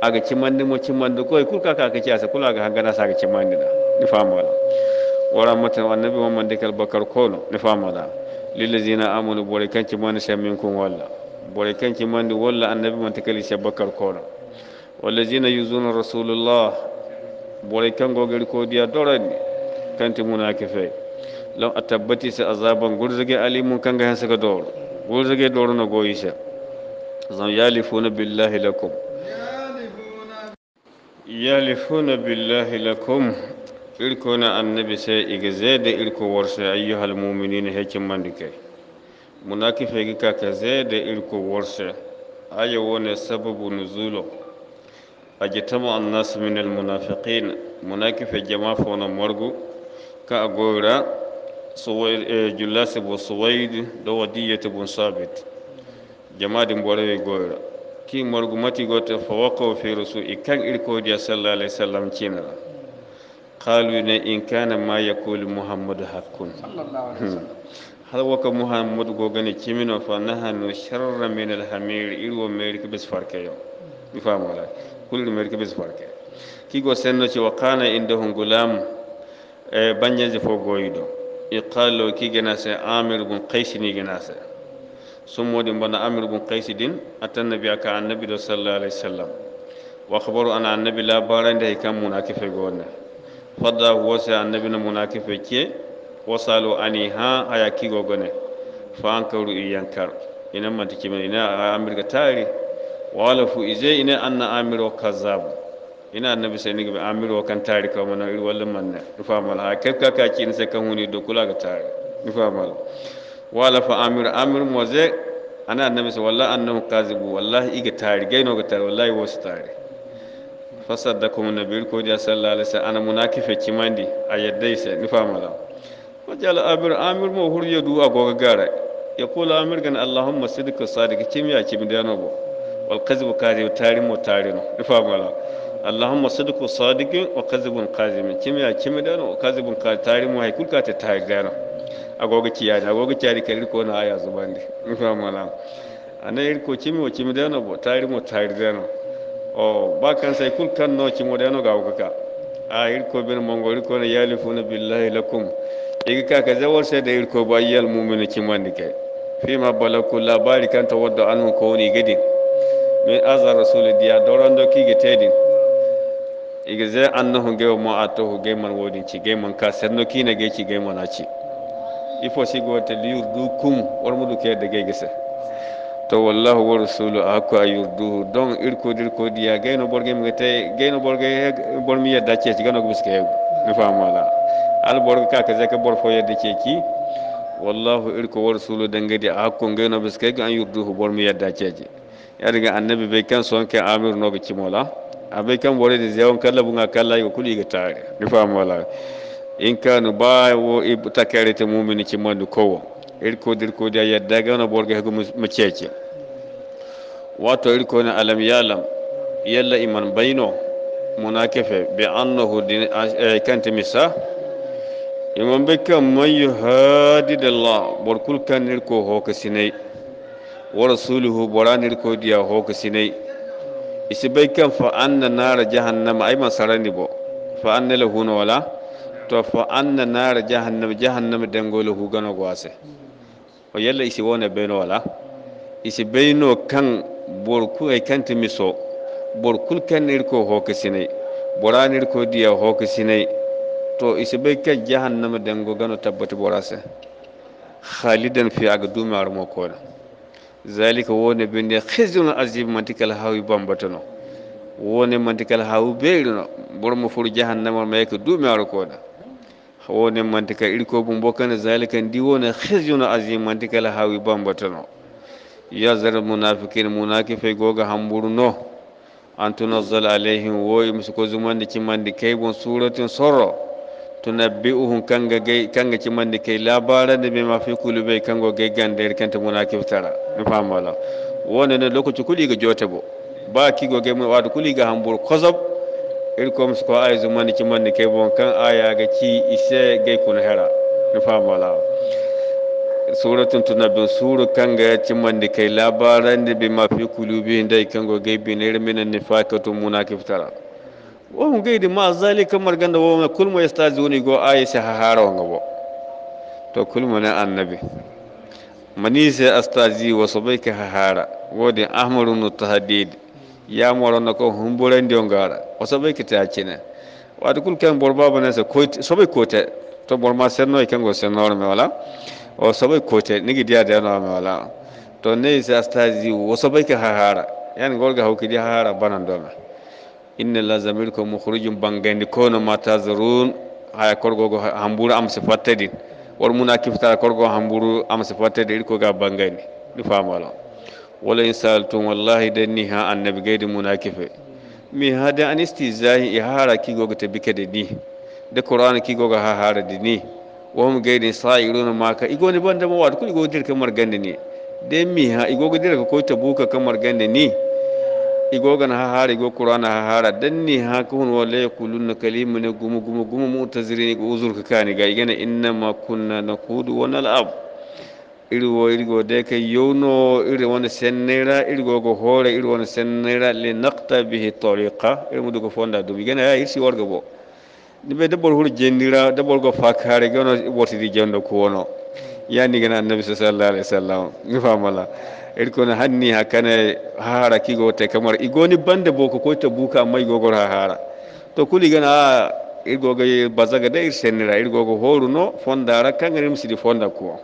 Speaker 1: aga cimande mo da koye kul kaka ka ci asa kulaga hangen asa aga cimande da ni wala wara matan annabi da kal bakar kono ni famola lillazina amanu bore man sai min kun wala bore man da wala annabi ta kali se bakar kono والذين يزون رسول الله بوليكان غوغل كوديا دورن كانت منافقه لو أتبتي سأذابا غرزك علي من كان دور سكدور دور دورنا غويسا زم يالفون بالله لكم يالفون بالله لكم إلكونا النبي سي زيد إلكو ورسى أيها المؤمنين هيك من منافقه كاك زيد إلكو ورسى أيوة سبب نزوله اجتمع الناس من المنافقين منافق جماعة فونا مرغو كأغورا سوير إيه، جلاس بو سويد دو دية بو ثابت جماعة مبوري غورا كي مرغو ماتي غوت فوقو في رسول إيه، كان إلكو دي صلى الله عليه وسلم كينا قالوا إن كان ما يقول محمد حق صلى الله عليه وسلم هذا وك محمد غوغني كيمينو فنها من من الحمير إلو ميرك بس فاركيو بفهم الله kullum ya kulli merkebe sufarke kigo senno ci wa kana inda hun gulam e ji fo goyi do iqalo ki genase amir bun qais ni genase summode bona amir bun qais din atan nabi aka annabi do sallallahu alaihi wasallam wa khabaru ana annabi la barande kam munakife gonne fadda wose annabi na munakife ke wasalu aniha ki go gone fa an kawru iyankar ina mantike ina amir ga tari wala fu ije ina anna amiro kazzab ina annabi sai ni ga amiro kan tari ka mana iri wallan manna nufa mal ha kai ka ka ki sai kan huni do kula ga tari nufa mal wala fa amir amir moze ana annabi sai wallahi annahu kazibu wallahi iga tari gaino ga tari wallahi wasu tari fasaddakum nabi ko da sallallahu alaihi wasallam ana munakife kimandi ayaddai sai nufa mal wajal amir amir mo hurye du agoga gara ya kula amir gan allahumma sidqa sadiq kimya kimdano bo والكذب كاذب تارم وتارم رفع ملا اللهم صدق صادق وكذب كاذب كيميا كيميا وكذب كاذب تارم وهي كل كات تارجانا agogo ciya da agogo ciya da kalli ko na aya zuban da nufa mana ana yi ko cimi wa cimi da yana bo tari mo tari da yana o ba kan sai kul kan no cimo da yana ga kuka a yi ko bin mongoli ko na yalifuna billahi lakum igi ka ka zawar sai da yi ko ba yal mu'minu ciman da kai fi ma balaku labari kan tawadda anhu ko ni min Azar rasuli diya dorondo kige teɗin ige ze annahu gewo mo a tohu geyman wodin ci geyman ka senno kina gey ci geyman a ci il faut sigote liyurdukum wormudu kedde gey gese to wallahu wo rasulu a hakku a yurduhu donc irkodir kodiya geyno borgue mi te geyno borgue bormi yedda ceeci ganogo biske hewgo mi famola al borgue kake ke bor fo yedde ceeki wallahu irko wo rasulu dengedi a hakku geyno biske an yurduhu bormi yedda ceeci yariga annabi bai kan sonke amir no bici mola abai kan zewon kalla bunga kalla ga kuli ga tare ni famu wala in kanu ba wo ibta kare ta mu'mini ci mandu kowo irko dirko da yadda ga na borga ga macece wato irko na alam yalam yalla iman bayno munakefe bi annahu e, kanta misa iman bai kan man yuhadidallah borkul kan irko hoka sinai wa rasuluhu boranir ko diya hoka sinai isi bai kan fa anna naara jahannama ai masarani bo fa anna lahu wala to fa anna nara jahannama jahannama dango lahu o yalla isi wona beno wala isi beno kan borku ai kan timiso borkul kan nir ko hoka sinai boranir ko diya hoka to isi bai jahannama dango gano tabbata borase khalidan fi aga dumar mo kona zalika wone bende hesduno arjibe mantikala hawi bambatono wone mantikala hawi beyrino bormo foru jahannama mayi ko duumaro koɗa wone mantika iri kobo bokkane zalika ndi wone hesduno arjibe mantikala hawi bambatono yazar munafiqin munakife goga hamburno an tunazzal alayhim wo imsiko zumande cimmande kaybon suratin sorro tunabbi'uhum kanga gay kanga ci mandi kay labara da be ma fi kulubay kango gay gande er kanta munakif tara mi famo wala wona ne lokaci kuli ga jota bo ba ki go gay mu wadu kuli ga hambur kozab irkom er kom ko ay zu mandi ci mandi kay bon kan aya ga ci ise gay kun hera mi famo wala suratun tunabin suru kanga ya ci mandi kai labaran da bi mafi kulube dai kango gay binir er minan nifakatu munakif tara wahum ma zalika marganda wona kulmo yastahziuni go ayise haharawonga bo to kulmo ne annabi manise astahzi wo hahara woodi ahmadu nu tahdid yamoronna ko humburandi o ngaara o sobayka tacine kul ken bor baba ne so sobay to bor ma sennoy kengo sennorome wala o sobay kote nigi diyadenome wala to neyi so astahzi wo hahara yani golga hawkidi hahara banandome inna la zamirkum mukhrijum bangandi no mata zarun haya go hamburu am sifattadi wor muna kiftara korgo hamburu am sifattadi ko ga bangandi ni famala wala in wallahi danni ha annabi gaidi munakife mi hada an istizahi ihara kigogo ta bike de ni de qur'an ga ha hara de ni wa hum gaidi sa'iruna maka igoni banda mawad ku igogo dirka mar gande ni de mi ha igogo dirka ko ta buka kamar gande ni igogan hahara igo qur'ana hahara danni hakun wala yaquluna kalimuna gumu gumu gumu mu'tazirin igo uzur kakani ga igana inna ma kunna naqudu wa nal'ab irwo irgo de ka yono iri wona sennera irgo go hore iri wona sennera li naqta bihi tariqa irmu dugo fonda dum igana ya irsi warga bo nibe debol hur jendira debol go fakare gono wotidi jendo ko wono yani gana annabi sallallahu alaihi wasallam mi famala irkono hanni ha kana hara kigote kamar igoni bande boko ko ta buka mai gogor ha hara to kuli gana irgoga bazaga da irsenira irgoga horuno fondara kangari musidi fonda ko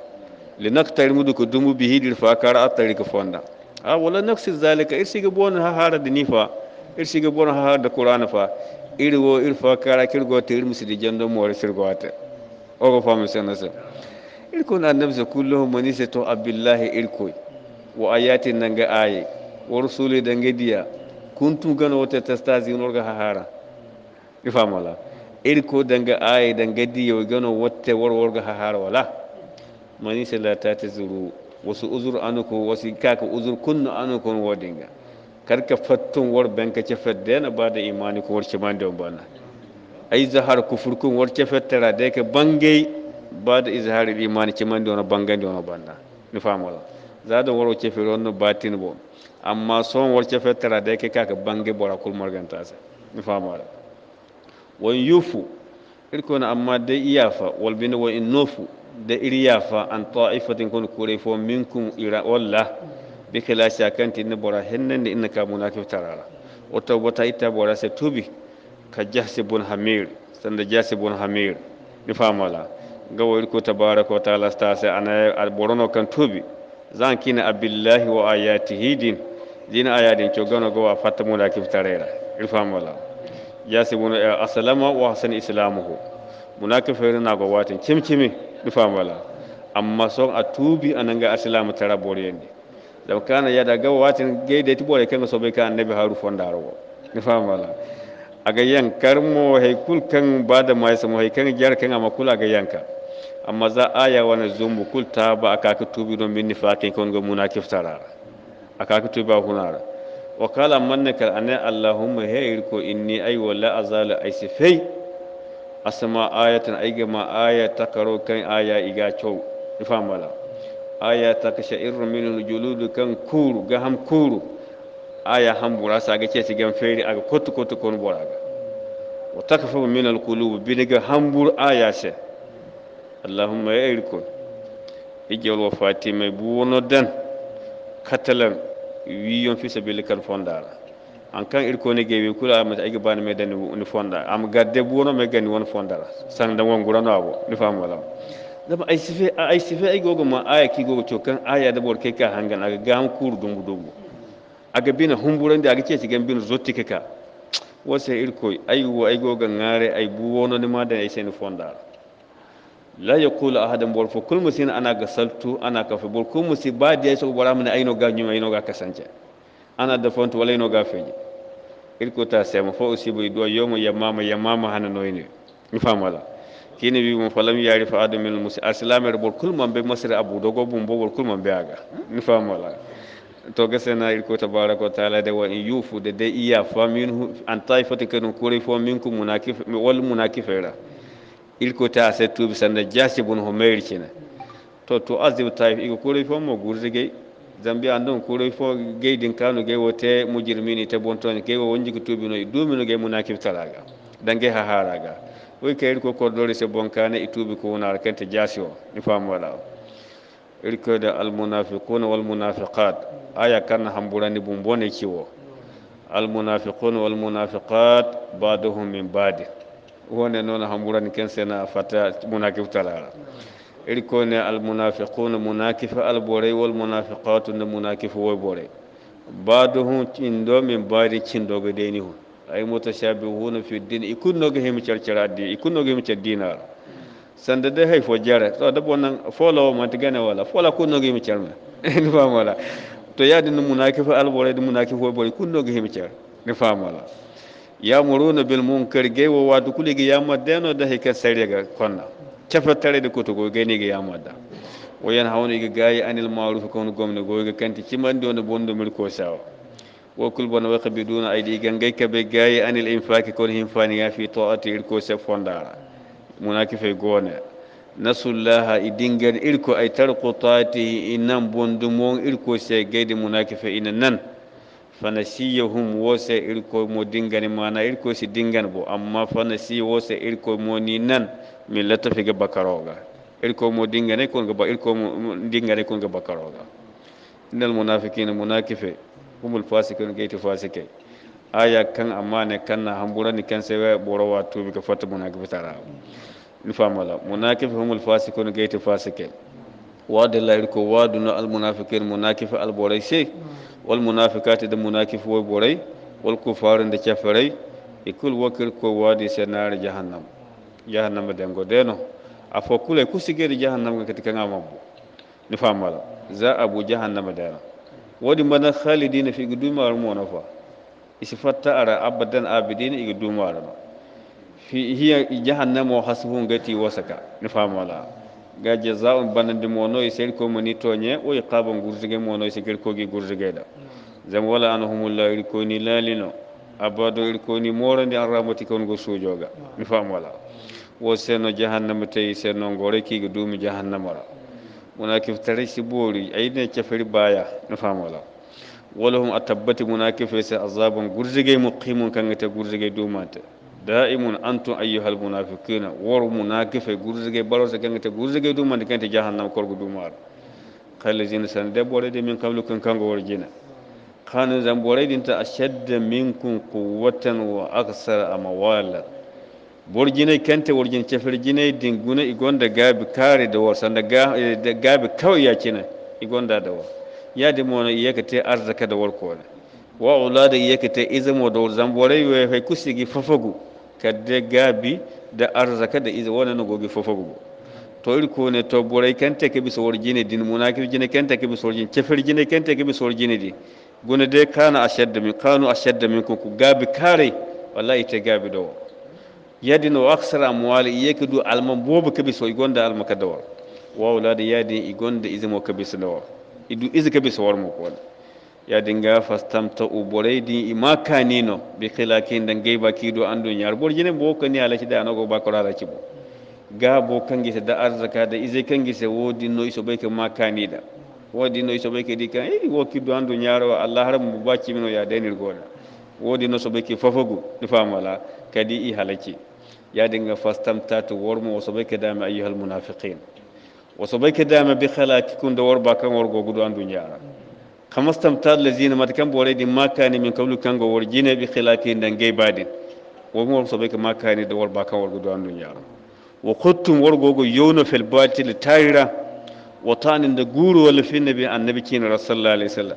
Speaker 1: linaktar mudu ko dumu bihi dir fakara atari ko fonda a wala naksi zalika irsiga bon ha hara da nifa irsiga bon ha hara da qur'ana fa irwo irfa kara kirgote irmusidi jando mo irgote ogo famu sanasa irkon annabza kulluhum manisa to abdullahi irkoi wa ayati nanga aye wa rusuli dange diya kuntu gano wata tastaziun orga hahara ifamala iri ko danga aye dange diya gano wata war warga hahara wala mani sala ta tazuru wasu uzur anuko wasu kaka uzur kunnu anuko wadinga karka fattun war banka ce faddena ba da imani ko warce man da bana ai zahar kufurkun warce fattara da yake bangai ba da izharin imani ce man da wani bangai da wani banna ni Allah zada waro cefe ronno batin bo amma son war cefe tara da ke kaka bange bora kul morganta sa ni fama da yufu irko na amma dai iyafa wal bin wa in nufu da iriyafa an ta'ifatin kun kure fo minkum ira walla bi kilasi akanti ni bora hennan ni inna ka tarara o tawbata ita bora se tubi ka jahsibun hamir sanda jahsibun hamir ni fama gawo irko tabaraka wa ta'ala sta se ana borono kan tubi zan kina abillahi wa ayatihi din dina ayadin ko gano go wa fatamu la kiftarera ifam wala mun aslama wa hasan islamuhu fere na go watin kimkimi ifam wala amma son a tubi ananga ta tarabore yende da kana ya daga watin geide tibore kan so be kan annabi haru fondaro ifam wala aga yankar mo haykul kan bada mai samu haykan jar kan amakula ga yanka amma za aya wani zumbu kulta ba kaka tubi don minni fakin kon ga kiftara a kaka tubi ba kunara wa kala manna kal anna allahumma hayr ko inni ay wala azalu ay sifai asma ayatan ay gama aya karo kan aya iga chow ifamala aya takasha irru minul juludu kan kuru ga ham kuru aya ham burasa ga ce sigan feri aga kotu kotu kon boraga wa takfa min al qulub bi daga hambur aya sai allahumma ya irko wa fati mai bu wono dan katalan wiyon fi sabili kan fondara an kan irko ne gebe kula mata aiki bani me dan ni fonda am gadde bu wono me gani wani fondara san dan won gurano abo ni famu wala zama ay sife ay gogo ma aya ki gogo cokan aya da bor kai ka hangan aga gam kur dungu dungu aga bina humburan da aga ce ci gambin zotti kaka wasa irko ay wo ay gogo ngare ay bu wono ni ma dan ay sen fondara la yaqulu ahadan bor fo kul musin ana ga saltu ana ka fe bor kul musi badiya so bora mun ayno ga nyuma ayno ga kasance ana da fonto wala ayno ga feje irko ta sema fo usibu do yomo yamama yamama hana noyne mi famala kini wi mo falam yari fa adu min musi aslamer bor kul man be masir abu dogo bum bo bor kul man be aga mi famala to gasena irko tabaraka wa taala de wa in yufu de de iya fa minhu an taifatin kanu kuri fo minkum munakif wal munakifera ilkota se tuubi sanna ho humair cina to to azib taif iko kuroi fo mo gurze gei zambi andon kuroi fo gei din kanu gei wote mujirmini te bontoni gei wo wonjigo duumi no gei munakib talaga dange ha haraga woy kayri ko kordori se bonkane e tuubi ko wonara kente jaasi o ni fam wala o irkoyde almunafiquna walmunafiqat aya kanna hamburani bum bone ciwo almunafiquna walmunafiqat baduhum min badi wone noon hamburani ken sena fata munakif talala iri kone almunafiquna al alborey wal munafiqatu nde munakifa woy borey baduhum cindo min cindo cindogo deni hun ay mutashabihuna fi din i kunnogo hemi carcara di ikun no hemi car dinara sande de hay fo jare to de bonan ma manti gane wala fola kunnogo hemi carme [LAUGHS] ni famola to yadi no al alborey de munakifa woy borey kunnogo hemi car ni famola ya muruna bil munkar ge wa wadu kuligi ya madda no da hika sare ga konna cafa tare da kutugo ge ne ga ya madda wayan hawni ga gayi anil ma'ruf ko no gomna go ga kanti ciman do no bondo mil ko sawa wa kul bana wa qabiduna aidi gangai ka be gayi anil infaki ko hin fani ya fi ta'ati ir ko se fondara munakife gone nasullaha idingan irko ay tarqutati inan bondo mon irko se gaidi munakife inan nan fanasiyahum wose irko mo dingani mana irko si dingan bo amma fanasi wose irko mo ni nan millata figa bakaroga irko mo dingane kon ga irko mo dingane kon ga bakaroga innal munafiqina munakife humul fasiqun gaiti fasike aya kan amma ne kan na hambura ni kan sai boro wa tubi ka fata munakife tara ni famala munakife humul fasiqun gaiti fasike وعد الله يركو وعدنا المنافقين مناكف البوري سي والمنافقات ده مناكف وبوري والكفار ده كفري يكل وكر كو وادي سنار جهنم جهنم دنگو دينو afokule kusigeri jahannama katika ngama bu nifamala za abu jahannama dana wadi mana khalidina fi guduma armona fa isifatta ara abadan abidin fi hiya hasbun gati wasaka ga jazaa'un banandi mono e sen ko moni toñe o iqabon gurjuge mono e sekir kogi gurjugeda zam wala anahumullahu irkoni lalino abado irkoni morandi an ramati kon go sujoga mi fam wala wo seno jahannama tawi seno ngore kiga duumi jahannama ra munakif tare si boori ayine cafiri baya mi fam wala wala hum atabbati munakife se azabon gurjuge muqimun kangate gurjuge duumante da'imun antum ayyuhal munafiquna war munafiqe gurzige balose kengete gurzige dum man kente jahannam korgo dumar jin san de bore de min kan kango jina khanan zam bore ta ashadda minkum quwwatan wa aksar amwala borjine kente worjin cefirjine dinguna igonda gabi kare da war sanda da gabi kawai ya kina igonda da war ya mona iyakate arzaka da war ko wa ulada iyakate izamo da war zan bore we fay kusigi fafagu kadde gabi da arzaka da iza wona no to fofagugo ko kone to boray kente keɓi so worjine din munakir jine kente keɓi Kefir jini cefer jine kente keɓi so worjine di gone de kana ashadda min kanu ashadda min ko gabi kare wallahi ta gabi ɗo o yadino aksara amwali iyeke du alma boobo keɓi so igonda alma kadda Wa wawlade yaadin igonde isimo keɓi so nde wor idu isi keɓi so wormo ko yadinga fastamta'u boraydin ima kanino bi khilakin dan gayba kido andu nyar borjine bo kani ala ci da nago ba ko ala ci bo ga bo kangi da arzaka da izai kangi se wodi no iso bai ka ma kanida wodi iso bai ka di wo kido andu nyaro allah har mu ba ci mino ya denir goda wodi no so bai ka fafagu kadi i halaki yadinga fastamta warmu so bai ka da ma ayyuhal munafiqin waso bai ka da ma bi khilakikum da war andu nyara خمستم تار لزين ما تكمل وريدي ما كان من قبل كان جو ورجينا بخلاكين دن جاي بعدين وهم صبيك ما كان دور باكا ورجودان دنيا وقدتم ورجوجو يونو في البالتي لتايرا وطان ان دغورو ولا في النبي ان النبي كين رسول الله عليه السلام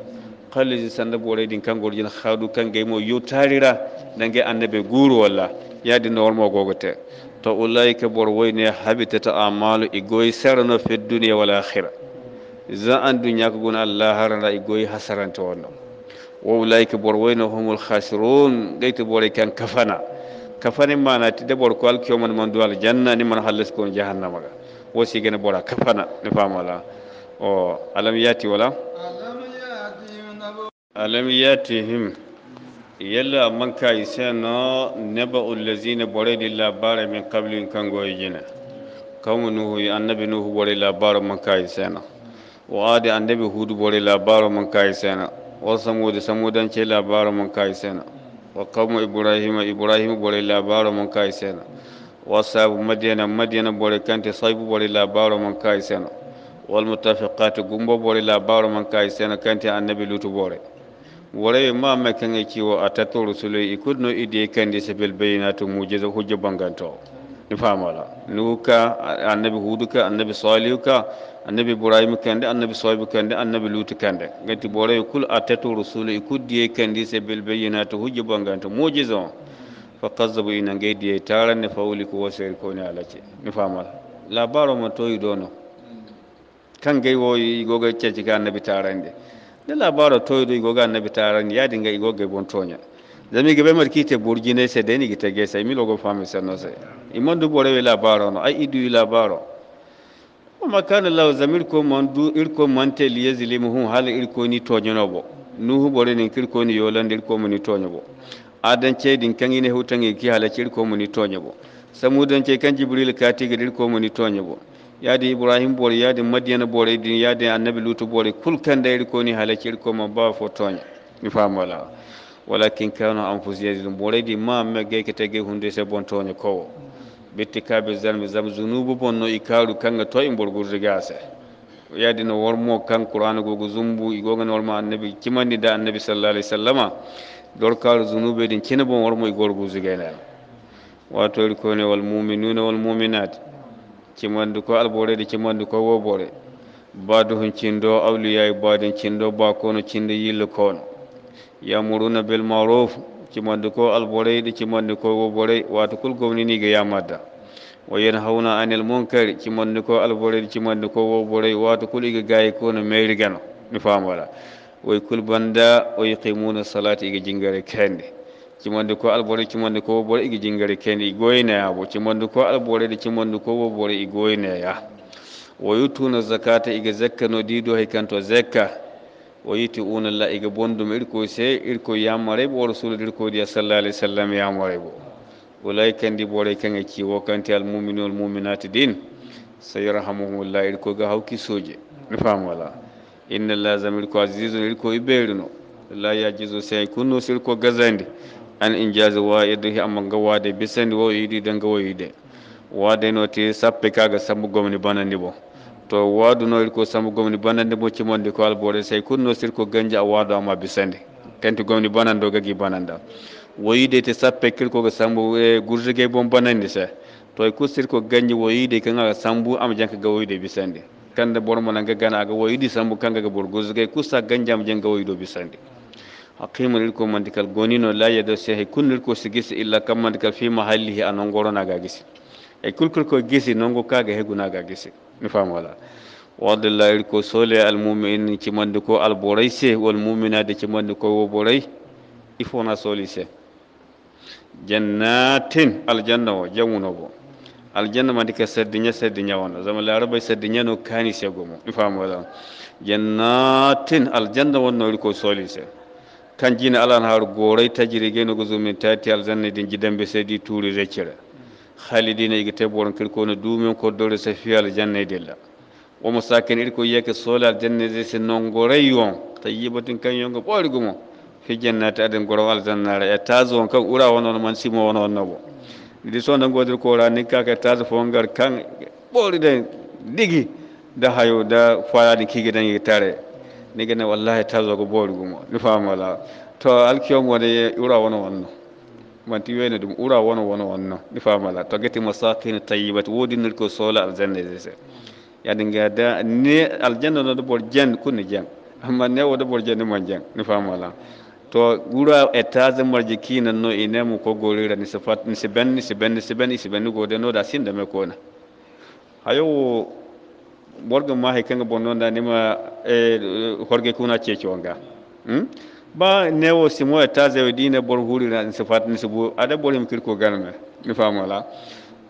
Speaker 1: قال لي سند بوري دين كان غورجين خادو كان غيمو يو تاريرا دنجي ان النبي غورو ولا يا دي نور مو غوغو تي تو اولايك بور وين حبيت اعمال اي سرنا في الدنيا والاخره زان دنيا كون الله هرنا يقوي حسران تونا وولايك بروين هم الخاسرون غيت بوري كان كفنا كفنا ما ناتي دي بور كوال كيوم من دوال جنة نمن حلس كون جهنم وسي كان بورا كفنا نفهم ولا ألم ياتي ولا ألم ياتيهم يلا من كايسانا نبأ الذين بريد الله بار من قبل إن كان قوي جنة كوم نوه النبي نوه بريد بار من كايسانا wa adi annabi hudu bore labarin man kai sena wa samudu samudance labarin man kai sena wa kawmu ibrahima ibrahima bore labarin man kai sena wa sabu madiyana madiyana bore kante saibu bore labarin man kai sena wal mutafiqat gumbo bore labarin man kai sena kante annabi lutu bore wore ma makan yake wa atatu rusulai ikudno idiye kandi sabil bayinatu mujiza hujja bangantawa ni famola nuka annabi hudu annabi salihu annabi ibrahim kende annabi soybu kende annabi lutu kende ganti boroye kul atatu rusulu e kuddiye kandi se bel bayyinata hujja banganta mujiza fa kazzabu ina gaydiye taranne fawli ko wasere koni alace mi famola labaro ma toyi dono kan gay wo igoga cecika annabi tarande nde labaro toyi ɗo igoga annabi tarande yaadi nga igoga bon toña zami zamige ɓe mbaɗ kiite bourguine seede ni guite guese e milogo fami senno se imondu ɓorewe labar ono ay iduyi labar o oma kana law zami irko man du irko mante liyesilimu hum hali irko ni toñonoɓo nuhu ɓore ni kirko ni yolande irko muni toñoɓo adan ceydin kangine hew tangi ki hala ci irko muni toñoɓo samudan cey kan jibril ka katigeɗe irko muni toñoɓo ibrahim ibrahima ɓoore yaade madiana ɓoore din yadi annabi lutu kulkan da irko ni hala ci irko ma bawa fo toña mi la. walakin kanu anfusihim yazlimun ɓooreydi ma megge ke tege hunde se bontoñe kowo ɓetti kaɓe zanmi zam zunubu bonno i kaaru kanga to e mborgurde gase yaadi no wormo kan qur'ana gogo zumbu i gogane worma annabi da annabi sallallah alih w sallama dor kaaru zunube ɗin cina bon wormo e gorgurde gaynano watori kone wal muminuna wal muminat cimandu ko alborede cimandu ko wobore hun cindo awliya e badin cindo bakono cindo yillo kono yamuruna bil ma'ruf kimandi ko alboreyɗo kimandi ko woborey wato kul gomniniga yamadda wa yanhauna anil munkari kimandi ko alboreyɗo kimandi ko woborey wato kul iga gayi kono mayrigano mi famala way kul banda way qimuna salati iga jingare kende kimandi ko albore kimandi ko wobore iga jingare kende i goyneyabo kimandi ko alboreyɗo kimandi ko wobore i goyneya ya wayutuna zakata iga zakka no dido hay kanto zakka o yitti unallah iga bonndum iri koye see iri koye yammarey ɓo o rasul iri koye diya sallallah alih w sallam yamarey ɓo olay kandi ɓoore keng e ciwo kanti almumini ol muminati din sayarhamuhumllah iri koye ga hawki sooje mi faam wala inna lasam iri ko asisun iri koye ɓeyruno la yajisu sen kunno so iri ko gasandi an in jasi wawiddohi amma gawade bisandi wo yiiɗi de gawoyiɗe wadeno te sappe kaga sambo gomni banandi bon to wadunoyl ko sambo gomni banande mocci monde ko alboore so kunno sir ko ganja a wadama bisande kanti gomni banando o gagi bananda woyide te sappe kirkogo sambo e gurjege bon banande sa to e kusir ko ganji woyide kanga sambu am janka ga woyide bisande kanda bormo nanga gana aga woyidi sambu kanga ga bor gurjege kusa ganja am janga woyido bisande haqimun irko mandikal gonino la yado sehe kunnir ko sigisi illa kam mandikal fi mahallihi anon goronaga gisi e kulkul ko gisi nongo kaga hegunaga gisi mi faamu wala waɗallahi ko sole almumin cimandi ko alboray se wol muminade cimandi ko wo boray il faut na soli se jannatin aljanna o jamuno bo aljanna mandi ka sardiña sardiña wona zama larabay sardiña no kani sego mo mi faamu wala jannatin aljanna wonnori ko soli se kan jina alan har goray tajiri geno go zumin tati aljanna din jidambe sedi turi reccere halidina igi teboron ko dole koddore fiyal aljanna e dilla womo sakene iɗi ko yiyake soole aljanna de si nongoray on tayyibatin kañongo ɓoori gumo fi jannati aden goro aljannara e tage on kan ura wonono man simo wono on nobo ɗiɗi so ndangodir kora ni kaka tage fo ngar kan ɓoori den digi da hayo da fayani kigiɗen igi tare nigene wallahi tage ogo ɓoori gumo mi famola to alkiyom wone ura wono wonno manti wene dum ura wono wono wonno ni famala to geti masakin tayyibat wodi nir ko sola aljanna dese e yani ngada ne aljanna no bor jen kunni jen amma ne wodo bor jen man jen ni famala to gura etaze marje kinan no inemu e ko golira ni sifat ni siben ni siben ni siben ni siben gode no da sin me kona hayo borgo ma he kanga bonno da nima e horge kuna ce cionga hmm? ba newo simo taze zawe dina bor hulira in sifat ni subu ada him kirko galme ni famala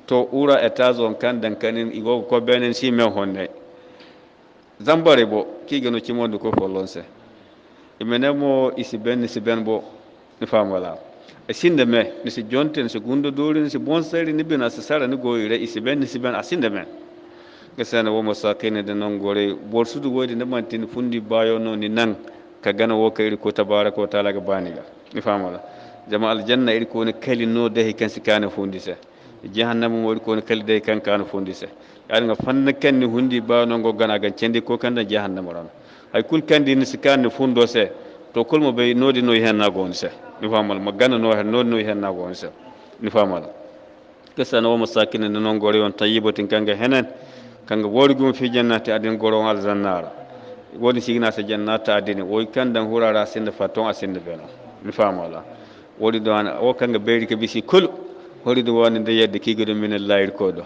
Speaker 1: to ura eta on kan dan kanin igo ko benen si me honne zambare bo ki gano ci mondu ko folonse imene mo isi ben si ben bo mi famola asinde me ni si jonten si gundo dorin si bonseri ni bina sa sara ni goyire isi ben ni si ben asinde me gasana wo masakene de non gore bor sudu goyde ne mantin fundi bayo no ni nang كجنا وكيل كو تبارك وتعالى جبانيك نفهم هذا جماعة الجنة يكون كل نو ده كان سكان فونديسة جهنم يكون كل ده كان كان فونديسة يعني فن كان نهندي با نعو جنا عن تندي كو كان جهنم ورانا هاي كل كان دين سكان فوندوسة تو كل ما بي نو دي نو يهنا نعوانسة نفهم هذا مجانا نو هن نو يهنا نعوانسة نفهم هذا kisa no masakin nan gore won tayyibatin kanga henan kanga wori gum fi jannati adin goro woni sigina sa janna ta adini woy kandan hurara sinna fa ton asinna beno mi famola wori do ana o kanga beyri ke bisi kul hori do woni de yedde kigodo min layir kodo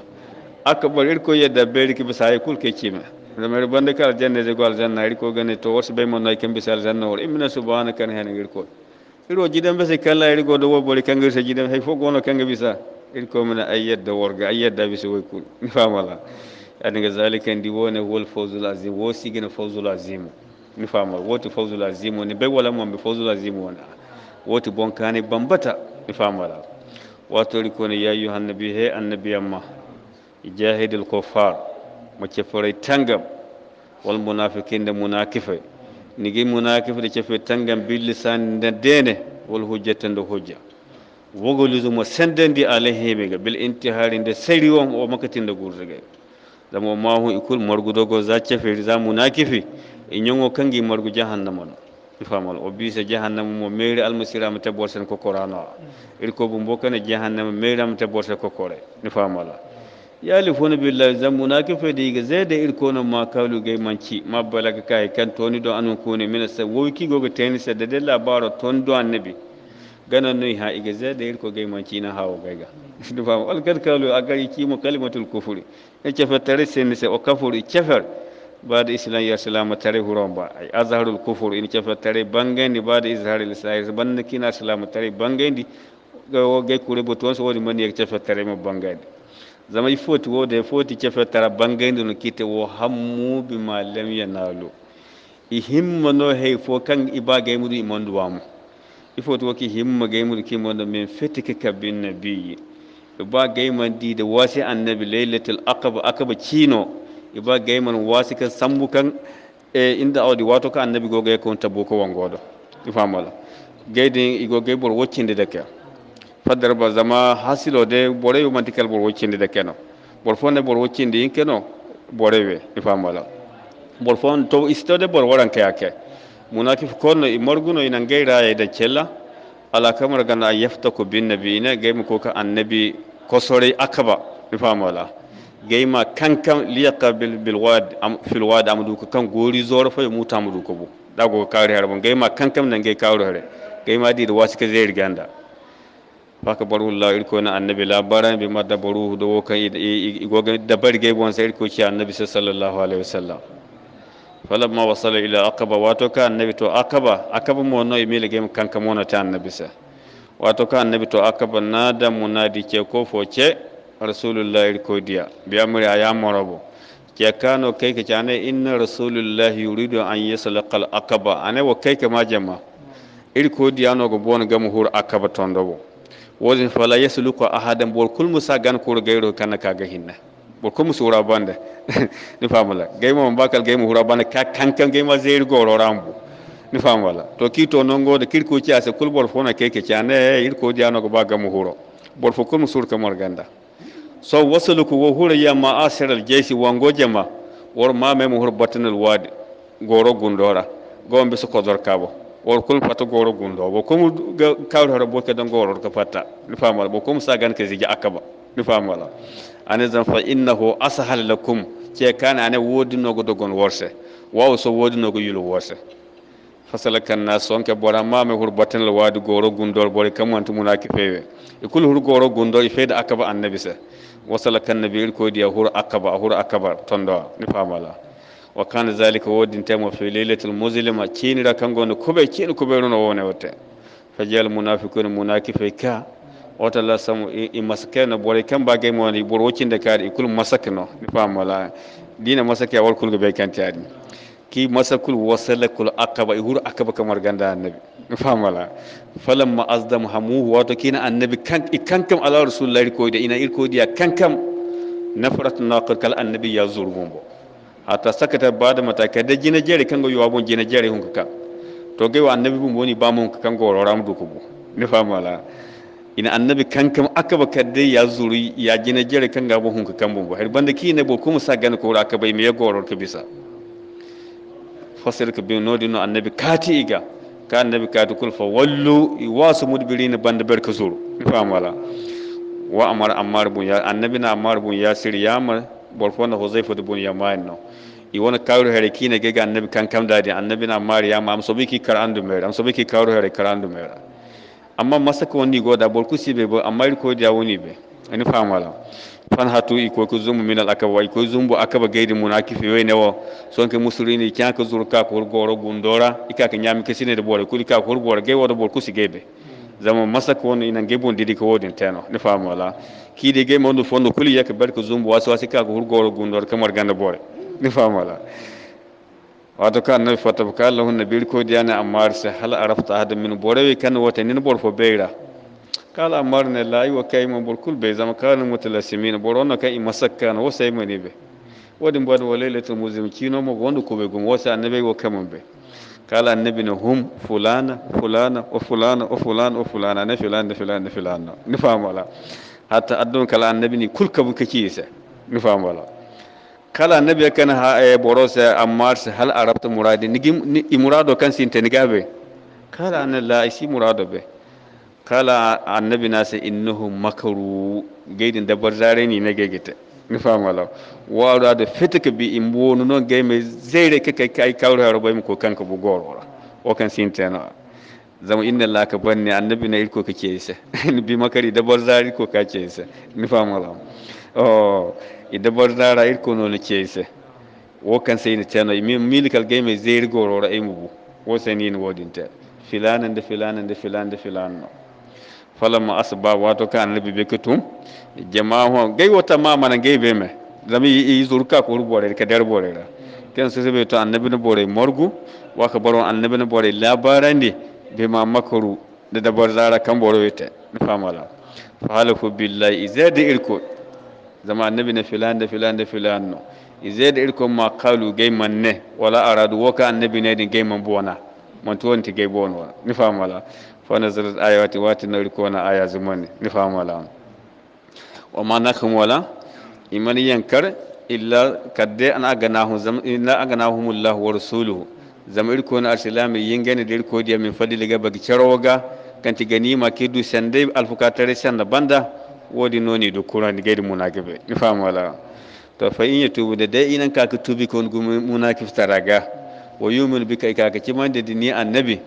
Speaker 1: aka bar irko yedda beyri ke bisay kul ke cima da mere bande kal janne de gol janna irko gane to wors be mon nay kem bisal janna wor imna subhanaka hen irko iro jidam be se kala irko do wobori kanga se jidam hay fo gono kanga bisa irko mina ayyadda worga ayyadda bisi woy kul mi famola aniga zalika ndi wona wol fawzul azim wo sigina fawzul azim ni famar woti fawzul azim ni bai wala mo fawzul azim wona woti bonkane bambata ni famara wato rikone ya ayyuha annabi he annabi amma jahidil kuffar mo ceforay tangam wal munafiqin da munakife nigi munakife da cefe tangam bil lisan da dene wal hujjatan da hujja wogoluzumo sendendi ala heɓe ga bel intihari nde seri on o makkatinda gurdega zamo mahu ikul margu dogo za cefe za munakifi in kan gi margu jahannama no famal o sa jahannama mo meri almasira mu tebol sen ko korano irko bu mbokana jahannama meri am tebol sen ko kore ni famala yalifuna billahi zan munakife da ga zai da irko na ma kalu gai manci ma balaga kai kan toni don anun kone mina sa woki goga tenisa da da baro ton do annabi ganan nui ha iga zai da irko gai manci na hawo gaiga dufa [LAUGHS] alkar kalu a gari ki kalimatul kufuri e cefettare sennise o kafuru cefel baada islam yar silama tare huronba ay azharul kufur in cefettare bangendi baada izharil sair banna kina silama tare bangendi o gay kure boton so woni man yek cefettare mo bangendi zama i foti wode foti cefettara bangendi no kite wo hammuɓe ma lam yanalu i himmano hey fo kan iba gaymudu i manduwamo i foti woki himma gaymudu kimanɗo min fetike kabin nabiyi iba gaiman di da wasi annabi lailatul aqaba akaba chino iba gaiman wasi kan sambu kan e inda awdi wato ka annabi go gay kon tabu ko wangodo ifamala gayde igo gay bor woccinde de kya fadar ba zama hasilo de bore yo mantikal bor woccinde de keno bor fonne bor woccinde yin keno borewe ifamala bor fon to istode bor waran kayake munakif kono imorguno inan e da chella ala kamar gana ku bin nabi ina gaimu ko ka annabi kosore akaba ifa mala gaima kankan liyaqa filwad amadu wad kan gori zoro fa muta amdu ko bu dago kare harban gaima kankan nan gai karo hare gaima di da wasu ka zai ba faka baru la irko na annabi labaran bi ma baru da wokan igogan da bari gaibon sai irko ki annabi sallallahu alaihi wasallam falamma wasala ila aqaba wato ka annabi to aqaba aqaba mo no imile gem kanka na tan nabi sa wato ka annabi to na da munadi ke ko foce rasulullahi ko diya bi amri aya morobo ke kano kai ke tane inna rasulullahi yuridu an yasalqa aqaba ane wo kai ke majama ir ko diya no go bon gam hur akaba tondobo wazin fala yasluqa ahadan bol kul musa gan gairo kana kaga hinna borkomu sura bande ni famala gaymo mbakal gaymo hura bande ka kankan gayma zeri goro rambu ni famala to kito nongo de kirko ci ase kul bor fona keke chane eh, ir ko diano go baga mu huro bor fo kum sur kamar ganda so wasaluku wo hura ya ma asiral jaisi wango jama wor ma me mu hur batinal wadi goro gundora gombe su kodor kabo wor kul pata goro gundo bo kum kawra bo ke dan goro ka pata ni famala bo kum sagan ke zija akaba ni famala ani zan fa innahu asahal lakum ke kana ani wodi nogo dogon worse wawo so wodi nogo yulu worse fasala kanna sonke bora mame hur batanal wadi goro gundor bori kam wantu munaki fewe e kul hur goro gundor feeda akaba annabi sa wasala kanna bi ko diya hur akaba hur akaba tondo ni famala wa kana zalika wodin temo fi lailatul muzlima kini ra kangono kube kini kube rono wone wote fajal munafiqun munakife ka wata la i masake na bore kan ba gai mawani bor wakin da kari ikul masaka no mi fam wala dina masaka wal kul bai kan tari ki masakul wasalakul aqaba ihur akaba kamar ganda annabi mi fam falon ma azdam hamu wato kina annabi kan kankam ala rasulullahi ko da ina irko dia kankam nafrat naqal kal annabi ya zurgun bo hatta sakata da mataka da jina jere kan go yawon jina jere hunka to gaiwa annabi bun boni ba mun kan go roram dukubu ni fam wala ina annabi kankam aka baka kadde ya zuri ya gina jere kan gabo hun ka kambon har banda ki ne bo kuma sa gani ko ra ka bai me goror ka bisa fasir ka bin nodi no annabi kati iga ka annabi kati kul fa wallu wasu mudbirina banda barka zuru fa mala wa amar ammar bun ya annabi na ammar bun ya sir ya mar borfo na huzaifa bun ya mai no i wona kawru hare ki ne ga annabi kankam dadi annabi na ammar ya ma am so biki karandu mera am so biki kawru hare karandu mera amma masaka woni goda bol kusibe bo amma ko dia woni be ani famala fan hatu iko ko zumbu minal akaba iko zumbu akaba gaidi munakifi wene wo sonke musulini kyan ka zurka ko goro gundora ika ka nyami kesine de bore kulika ko bore ge wodo bol kusi zama masaka woni ina gebo ndidi ko wodin teno ni famala ki de ge mondo fondo kuli yak barko zumbu waso wasika ko goro gundora kamar ganda bore ni famala wato ka annabi fatabka lahunna birko diyana ammar sa hal arafta ahadan min borewe kan wata nin bor fo beira kala ammar ne la wa kai mun borona kai masakkan wasai wadin bad walailatul muzim kino mo gondo ko wasa annabi wa kamun kala annabi ne hum fulana fulana wa fulana wa fulana wa fulana na fulana na fulana na fulana ni famu hatta addon kala annabi ni kulka bu kake yasa ni kala nabiya kan ha e borosa ammars hal arabta muradi nigi i murado kan sinte nigabe kala an la isi murado be kala annabi nasa innahu makaru gaidin da barzare ni na gegete ni fam wala wa da da fitaka bi in wonu non gaime zaire kai kai kawra robai mu ko kanka bu gorora o kan sinte na zama inna Allah ka banne annabi na irko kake yi sa bi makari da barzari ko kake yi sa ni famu Allah oh ida barzara irko no ne ke yi sa wo kan sai ni tano mi milikal game zai rigo rora ai mu wo sai ni wodin ta filanan da filanan da filan da filan no falamma asba wato kan annabi be kutum jama'u gai wata ma manan gai be me zami yi zurka ko rubore ka dar bore ra kan sai be to annabi na bore morgu wa ka baro annabi na bore labaran ne بما مكروا دبر زارا كم برويته نفهم الله فحلفوا بالله إذا دئركم زمان النبي فلان ده فلان ده فلان نو إذا دئركم ما قالوا جيما نه ولا أرادوا وكا النبي نادي جيما بونا من تون تجيبون ولا نفهم الله فنزلت آيات واتنا لكونا آية زمان نفهم الله وما نخم ولا إيمان ينكر إلا كده أنا أغناهم إلا أغناهم الله ورسوله zama irko na arsilami gani da irko diya min fadli ga bagi ma ke ganima kidu sende alfukatare sanda banda wodi noni kura kurani gaidi munakibe ni famu wala to fa in ya tubu da dai inan kaka tubi kon gumi munakif taraga wa yumin bika kaka kiman da dini annabi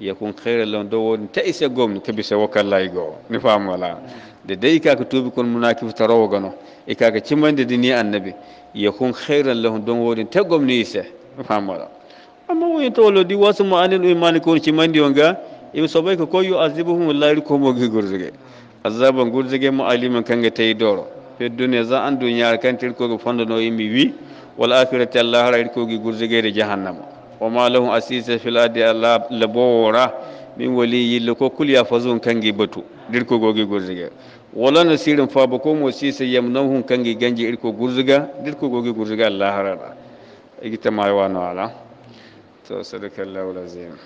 Speaker 1: ya kun khairan lon do wodi ta isa gom ka bisa wakallai go ni famu wala da dai kaka tubi kon munakif tarawa no ikaka kiman da dini annabi ya kun khairan lon don wodi ta gom ni isa famu amma wo to lo di wasu ma'anin imani ko ci mandi wonga ibi so bay ko ko yu azibuhum wallahi ko mo gi gurzige azaban gurzige mu aliman kanga tayi doro fe duniya za an duniya kan tir ko fondo no yimi wi wal akhirati allah ra ko gi gurzige de jahannam wa ma lahum asisa fil adi allah labora min wali yillo ko kul ya fazun kangi batu dirko ko gogi gurzige wala nasirin fa ba ko mo sisa yamnahum kangi ganji ir ko irko dir ko gogi gurziga allah ra igita mai wa no ala تسلك الله العظيم